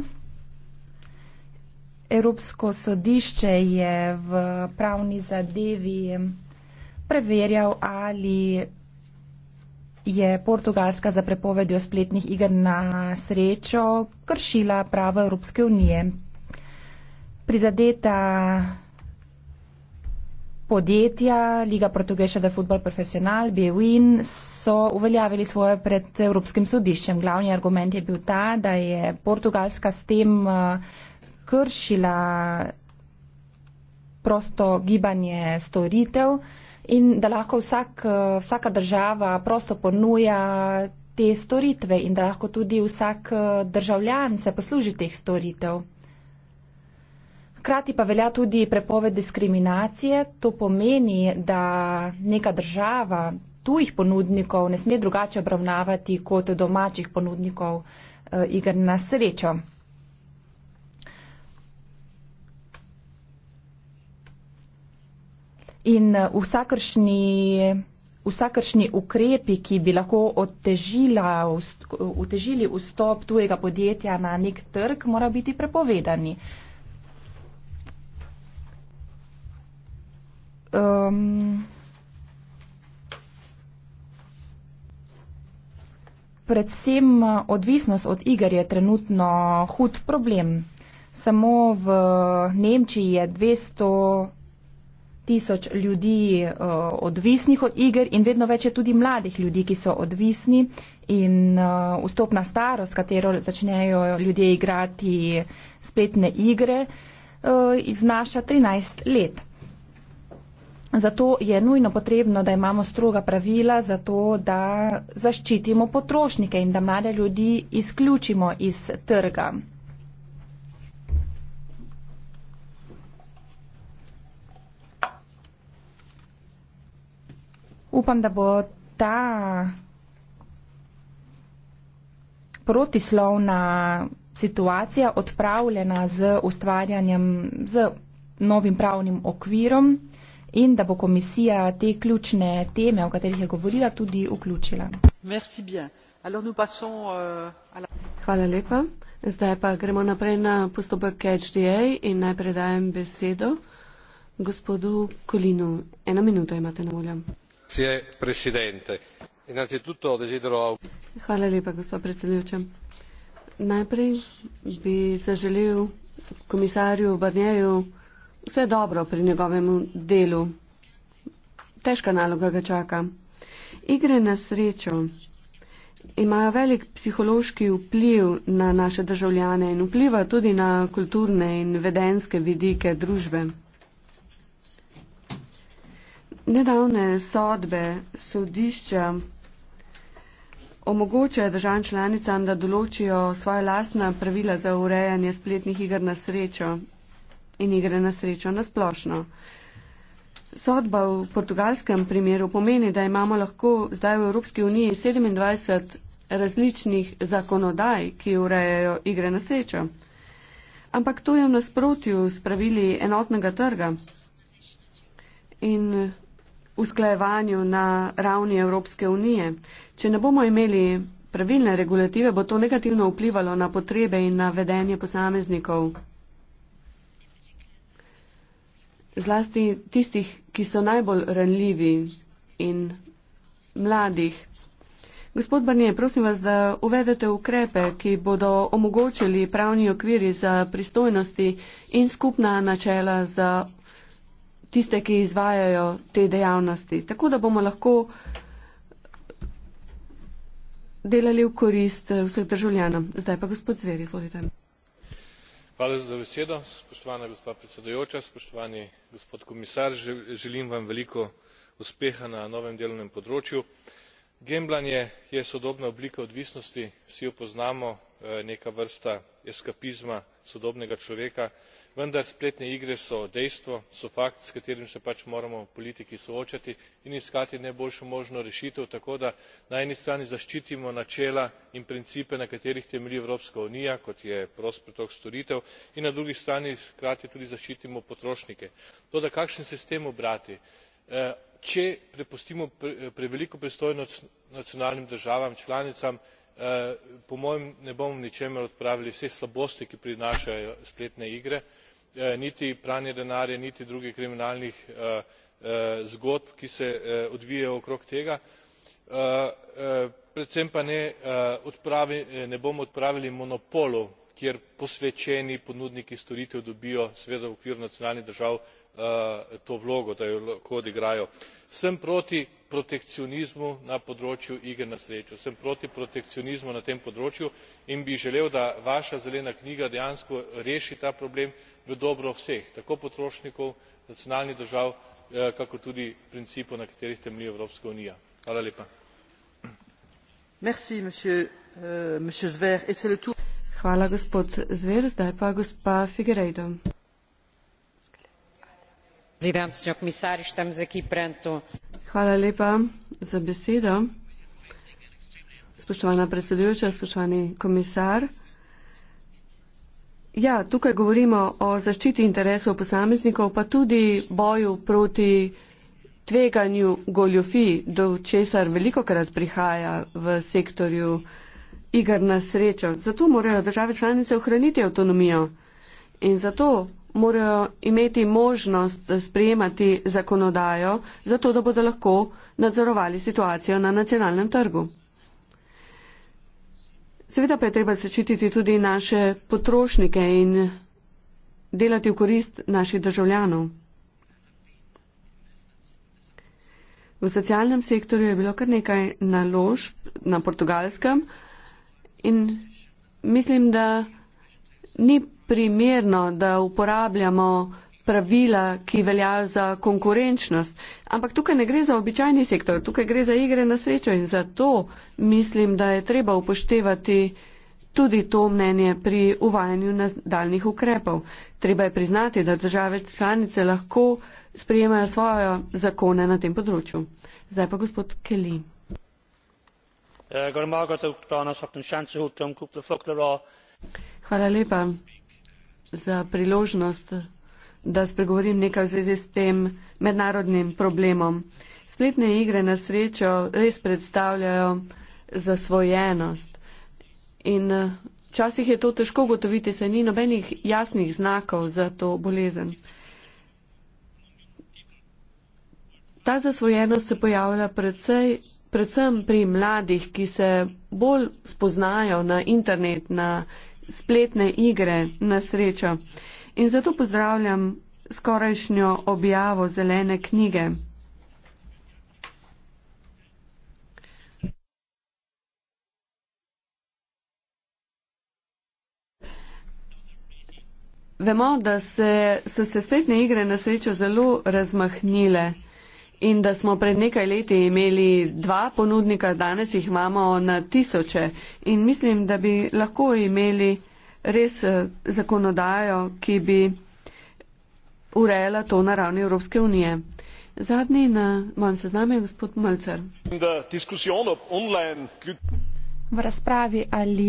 Evropsko sodišče je v pravni zadevi preverjal, ali je Portugalska za prepovedjo spletnih iger na srečo kršila pravo Evropske unije. Prizadeta podjetja Liga Portugeša de Futbol Profesional, Bewin, so uveljavili svoje pred Evropskim sodiščem. Glavni argument je bil ta, da je Portugalska s tem uh, kršila prosto gibanje storitev in da lahko vsak, eh, vsaka država prosto ponuja te storitve in da lahko tudi vsak eh, državljan se posluži teh storitev. Hkrati pa velja tudi prepoved diskriminacije. To pomeni, da neka država tujih ponudnikov ne sme drugače obravnavati kot domačih ponudnikov eh, iger na srečo. In eh, vsakršni, vsakršni ukrepi, ki bi lahko otežili vstop tujega podjetja na nek trg, mora biti prepovedani. Um, predvsem eh, odvisnost od iger je trenutno hud problem. Samo v Nemčiji je 200 tisoč ljudi uh, odvisnih od iger in vedno več je tudi mladih ljudi, ki so odvisni in uh, vstopna starost, katero začnejo ljudje igrati spletne igre, uh, eh, iznaša 13 let. Zato je nujno potrebno, da imamo stroga pravila za to, da zaščitimo potrošnike in da mlade ljudi izključimo iz trga. Upam, da bo ta protislovna situacija odpravljena z ustvarjanjem, z novim pravnim okvirom in da bo komisija te ključne teme, o katerih je govorila, tudi vključila. Merci bien. Alors nous passons, uh, la... Hvala lepa. Zdaj pa gremo naprej na postopek HDA in najprej dajem besedo gospodu Kolinu. Eno minuto imate na voljo najprej bi zaželel komisarju barnieju vse dobro pri njegovem delu. Težka naloga ga čaka. Igre na srečo imajo velik psihološki vpliv na naše državljane in vpliva tudi na kulturne in vedenske vidike družbe. Nedavne sodbe sodišča omogočajo državam članicam, da določijo svoje lastna pravila za urejanje spletnih igr na srečo in igre na srečo na splošno. Sodba v portugalskem primeru pomeni, da imamo lahko zdaj v Evropski uniji 27 različnih zakonodaj, ki urejajo igre na srečo. Ampak to je v nasprotju s pravili enotnega trga. In usklajevanju na ravni Evropske unije. Če ne bomo imeli pravilne regulative, bo to negativno vplivalo na potrebe in na vedenje posameznikov. Zlasti tistih, ki so najbolj ranljivi in mladih. Gospod Barnije, prosim vas, da uvedete ukrepe, ki bodo omogočili pravni okviri za pristojnosti in skupna načela za tiste, ki izvajajo te dejavnosti, tako da bomo lahko delali v korist eh, vseh državljanov. Zdaj pa gospod Zver, izvolite. Hvala za besedo, spoštovana gospa predsedujoča, spoštovani gospod komisar, želim vam veliko uspeha na novem delovnem področju. Gemblanje je sodobna oblika odvisnosti, vsi jo poznamo, eh, neka vrsta eskapizma sodobnega človeka, vendar spletne igre so dejstvo so fakt s katerim se pač moramo politiki soočati in iskati najboljšo možno rešitev tako da na eni strani zaščitimo načela in principe na katerih temelji evropska unija kot je prost pretok storitev in na drugi strani hkrati tudi zaščitimo potrošnike. toda kakšen sistem ubrati? Eh, če prepustimo preveliko pristojnost nacionalnim državam članicam eh, po mojem ne bomo v ničemer odpravili vseh slabosti ki prinašajo spletne igre Eh, niti pranje denarja niti drugih kriminalnih eh, eh, zgodb ki se odvijajo okrog tega predvsem pa ne bomo odpravili monopolov kjer posvečeni ponudniki storitev dobijo seveda v okviru nacionalnih držav to vlogo da jo lahko odigrajo. sem proti protekcionizmu na področju iger na srečo sem proti protekcionizmu na tem področju in bi želel da vaša zelena knjiga dejansko reši ta problem v dobro vseh tako potrošnikov nacionalnih držav eh, kakor tudi principov na katerih temelji evropska unija. Hvala lepa za besedo. Spoštovana predsedujoča, spoštovani komisar. Ja, tukaj govorimo o zaščiti interesov posameznikov, pa tudi boju proti tveganju goljofi, do česar veliko krat prihaja v sektorju igr na srečo. Zato morajo države članice ohraniti avtonomijo in zato morajo imeti možnost sprejemati zakonodajo, zato da bodo lahko nadzorovali situacijo na nacionalnem trgu. Seveda pa je treba zaščititi tudi naše potrošnike in delati v korist naših državljanov. V socialnem sektorju je bilo kar nekaj naložb na portugalskem in mislim, da ni primerno, da uporabljamo pravila, ki veljajo za konkurenčnost. Ampak tukaj ne gre za običajni sektor, tukaj gre za igre na srečo in zato mislim, da je treba upoštevati tudi to mnenje pri uvajanju nadaljnih ukrepov. Treba je priznati, da države članice lahko sprijemajo svoje zakone na tem področju. Zdaj pa gospod Kelly. Uh, Hvala lepa za priložnost, da spregovorim nekaj v zvezi s tem mednarodnim problemom. Spletne igre na srečo res predstavljajo zasvojenost in eh, včasih je to težko gotoviti, saj ni nobenih jasnih znakov za to bolezen. Ta zasvojenost se pojavlja predvsej, predvsem pri mladih, ki se bolj spoznajo na internet, na internet spletne igre na srečo. In zato pozdravljam skorajšnjo objavo zelene knjige. Vemo, da se, so se spletne igre na srečo zelo razmahnile in da smo pred nekaj leti imeli dva ponudnika, danes jih imamo na tisoče in mislim, da bi lahko imeli res eh, zakonodajo, ki bi urejala to na ravni Evropske unije. Zadnji na mojem seznamu je gospod Malcer. V razpravi, ali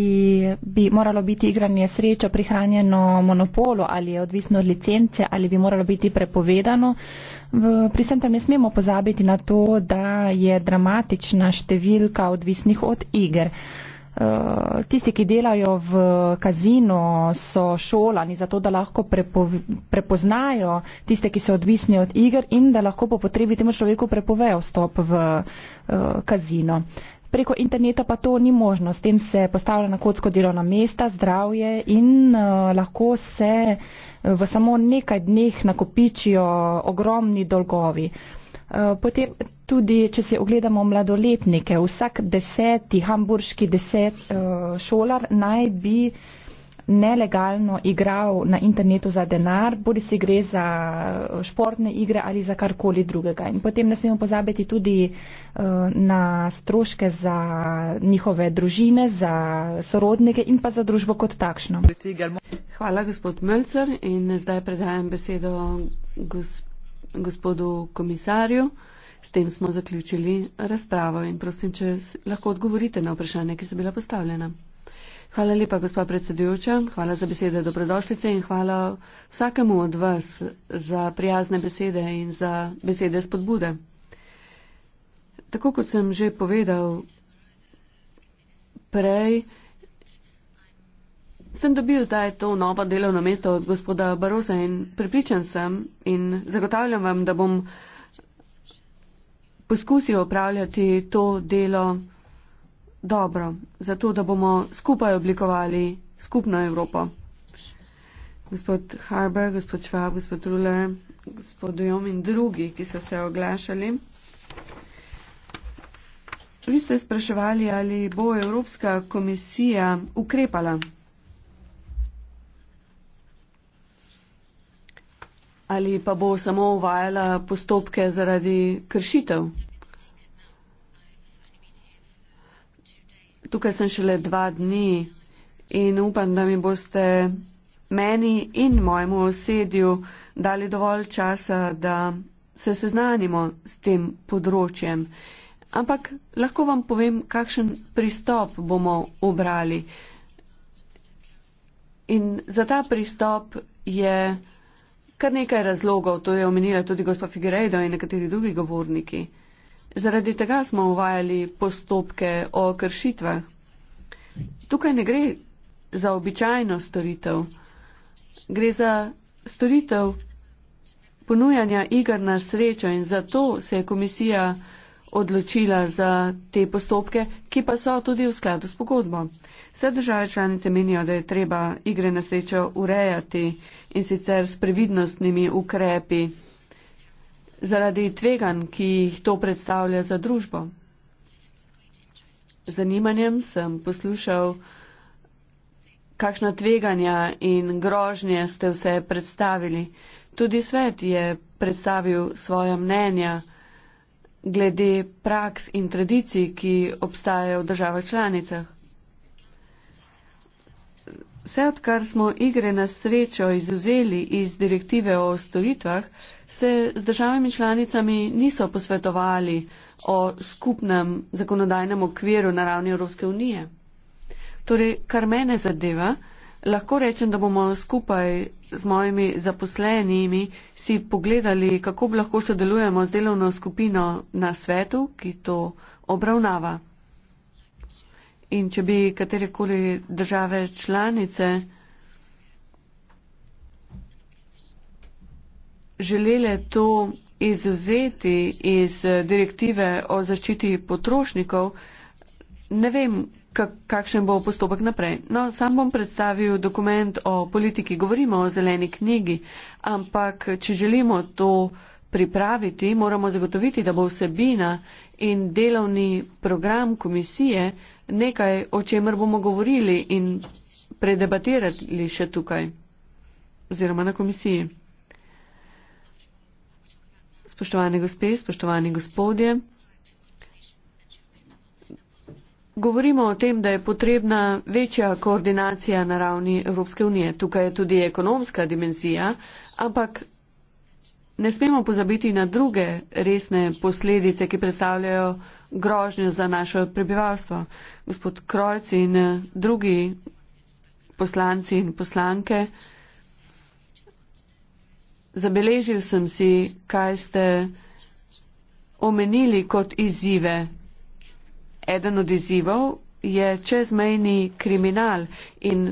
bi moralo biti igranje sreče prihranjeno monopolu ali je odvisno od licence ali bi moralo biti prepovedano. V, pri vsem tem ne smemo pozabiti na to, da je dramatična številka odvisnih od iger. Eh, tisti, ki delajo v kazino, so šolani za to, da lahko prepoznajo tiste, ki so odvisni od iger in da lahko po potrebi temu človeku prepovejo vstop v eh, kazino. Preko interneta pa to ni možno, s tem se postavlja na kocko delovna mesta, zdravje in eh, lahko se v samo nekaj dneh nakopičijo ogromni dolgovi. Eh, potem tudi, če si ogledamo mladoletnike, vsak deseti, hamburški deset eh, šolar naj bi nelegalno igral na internetu za denar, bodi si gre za eh, športne igre ali za karkoli drugega. In potem ne smemo pozabiti tudi eh, na stroške za njihove družine, za sorodnike in pa za družbo kot takšno. Hvala, gospod Melcer. In zdaj predajam besedo gospodu komisarju. S tem smo zaključili razpravo in prosim, če lahko odgovorite na vprašanje, ki so bila postavljena. Hvala lepa, gospa predsedujoča. Hvala za besede dobrodošlice in hvala vsakemu od vas za prijazne besede in za besede spodbude. Tako kot sem že povedal prej, sem dobil zdaj to novo delovno mesto od gospoda Barosa in prepričan sem in zagotavljam vam, da bom poskusil opravljati to delo Dobro, zato da bomo skupaj oblikovali skupno Evropo. Gospod Harber, gospod Švab, gospod Ruler, gospod Dojom in drugi, ki so se oglašali. Vi ste spraševali, ali bo Evropska komisija ukrepala. Ali pa bo samo uvajala postopke zaradi kršitev? tukaj sem šele dva dni in upam, da mi boste meni in mojemu osedju dali dovolj časa, da se seznanimo s tem področjem. Ampak lahko vam povem, kakšen pristop bomo obrali. In za ta pristop je kar nekaj razlogov, to je omenila tudi gospod Figurejdo in nekateri drugi govorniki. Zaradi tega smo uvajali postopke o kršitvah. Tukaj ne gre za običajno storitev. Gre za storitev ponujanja igr na srečo in zato se je komisija odločila za te postopke, ki pa so tudi v skladu s pogodbo. Vse države članice menijo, da je treba igre na srečo urejati in sicer s previdnostnimi ukrepi zaradi tvegan, ki jih to predstavlja za družbo. Zanimanjem sem poslušal, kakšna tveganja in grožnje ste vse predstavili. Tudi svet je predstavil svoja mnenja glede praks in tradicij, ki obstajajo v državah članicah. Vse odkar smo igre na srečo izuzeli iz direktive o storitvah, se z državami članicami niso posvetovali o skupnem zakonodajnem okviru na ravni Evropske unije. Torej, kar mene zadeva, lahko rečem, da bomo skupaj z mojimi zaposlenimi si pogledali, kako bi lahko sodelujemo z delovno skupino na svetu, ki to obravnava. In če bi katerekoli države članice želele to izuzeti iz direktive o zaščiti potrošnikov, ne vem, kakšen bo postopek naprej. No, sam bom predstavil dokument o politiki, govorimo o zeleni knjigi, ampak če želimo to pripraviti, moramo zagotoviti, da bo vsebina in delovni program komisije nekaj, o čemer bomo govorili in predebatirali še tukaj oziroma na komisiji. Spoštovane gospe, spoštovani gospodje, govorimo o tem, da je potrebna večja koordinacija na ravni Evropske unije. Tukaj je tudi ekonomska dimenzija, ampak ne smemo pozabiti na druge resne posledice, ki predstavljajo grožnjo za naše prebivalstvo. Gospod Krojc in eh, drugi poslanci in poslanke, zabeležil sem si, kaj ste omenili kot izzive. Eden od izzivov je čezmejni kriminal in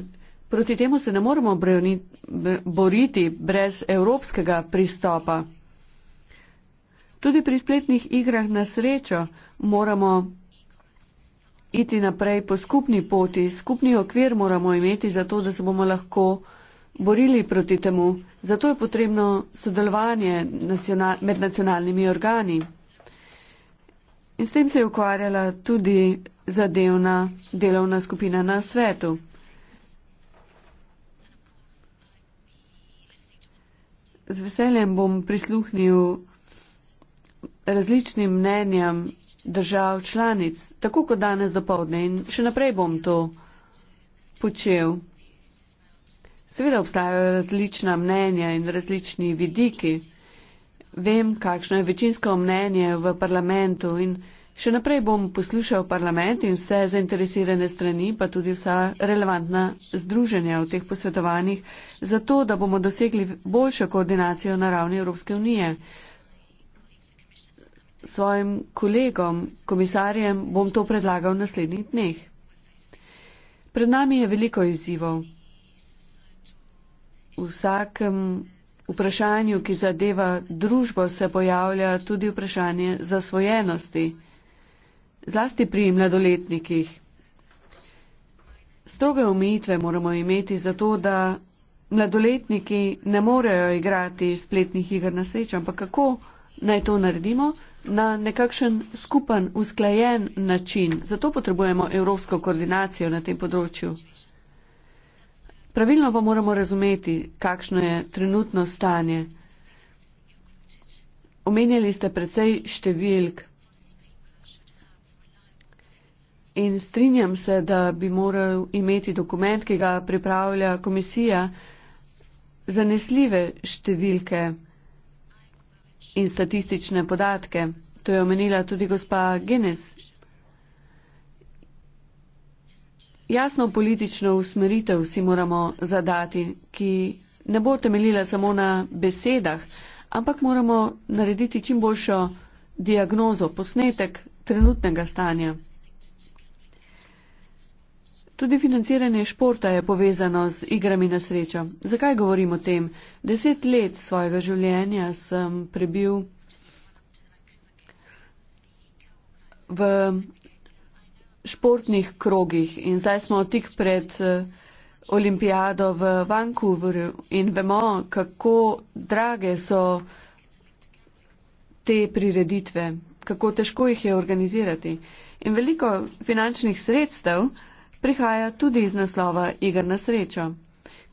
proti temu se ne moremo obrniti boriti brez evropskega pristopa. Tudi pri spletnih igrah na srečo moramo iti naprej po skupni poti, skupni okvir moramo imeti za to, da se bomo lahko borili proti temu. Zato je potrebno sodelovanje nacional, med nacionalnimi organi. In s tem se je ukvarjala tudi zadevna delovna skupina na svetu. z veseljem bom prisluhnil različnim mnenjam držav članic, tako kot danes do povdne in še naprej bom to počel. Seveda obstajajo različna mnenja in različni vidiki. Vem, kakšno je večinsko mnenje v parlamentu in vsega. Še naprej bom poslušal parlament in vse zainteresirane strani, pa tudi vsa relevantna združenja v teh posvetovanjih, zato da bomo dosegli boljšo koordinacijo na ravni Evropske unije. Svojim kolegom, komisarjem bom to predlagal v naslednjih dneh. Pred nami je veliko izzivov. V vsakem vprašanju, ki zadeva družbo, se pojavlja tudi vprašanje zasvojenosti zlasti pri mladoletnikih. Stroge omejitve moramo imeti zato, da mladoletniki ne morejo igrati spletnih igr na srečo, ampak kako naj to naredimo? Na nekakšen skupen, usklajen način. Zato potrebujemo evropsko koordinacijo na tem področju. Pravilno pa moramo razumeti, kakšno je trenutno stanje. Omenjali ste precej številk. In strinjam se, da bi moral imeti dokument, ki ga pripravlja komisija, zanesljive številke in statistične podatke. To je omenila tudi gospa Genes. Jasno politično usmeritev si moramo zadati, ki ne bo temeljila samo na besedah, ampak moramo narediti čim boljšo diagnozo, posnetek trenutnega stanja. Tudi financiranje športa je povezano z igrami na srečo. Zakaj govorim o tem? Deset let svojega življenja sem prebil v športnih krogih in zdaj smo tik pred eh, olimpijado v Vancouverju in vemo, kako drage so te prireditve, kako težko jih je organizirati. In veliko finančnih sredstev prihaja tudi iz naslova Igr na srečo.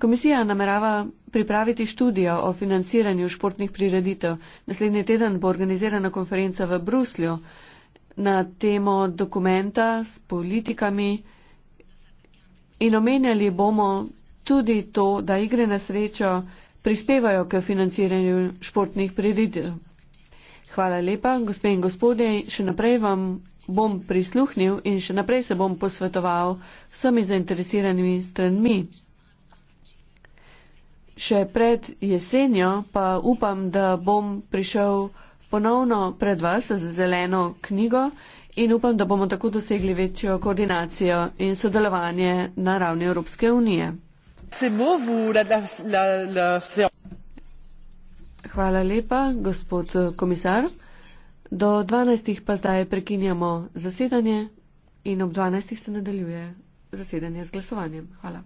Komisija namerava pripraviti študijo o financiranju športnih prireditev. Naslednji teden bo organizirana konferenca v Bruslju na temo dokumenta s politikami in omenjali bomo tudi to, da igre na srečo prispevajo k financiranju športnih prireditev. Hvala lepa, gospe in gospodje, še naprej vam bom prisluhnil in še naprej se bom posvetoval s vsemi zainteresiranimi stranmi. Še pred jesenjo pa upam, da bom prišel ponovno pred vas z zeleno knjigo in upam, da bomo tako dosegli večjo koordinacijo in sodelovanje na ravni Evropske unije. Hvala lepa, gospod komisar. Do 12. pa zdaj prekinjamo zasedanje in ob 12. se nadaljuje zasedanje z glasovanjem. Hvala.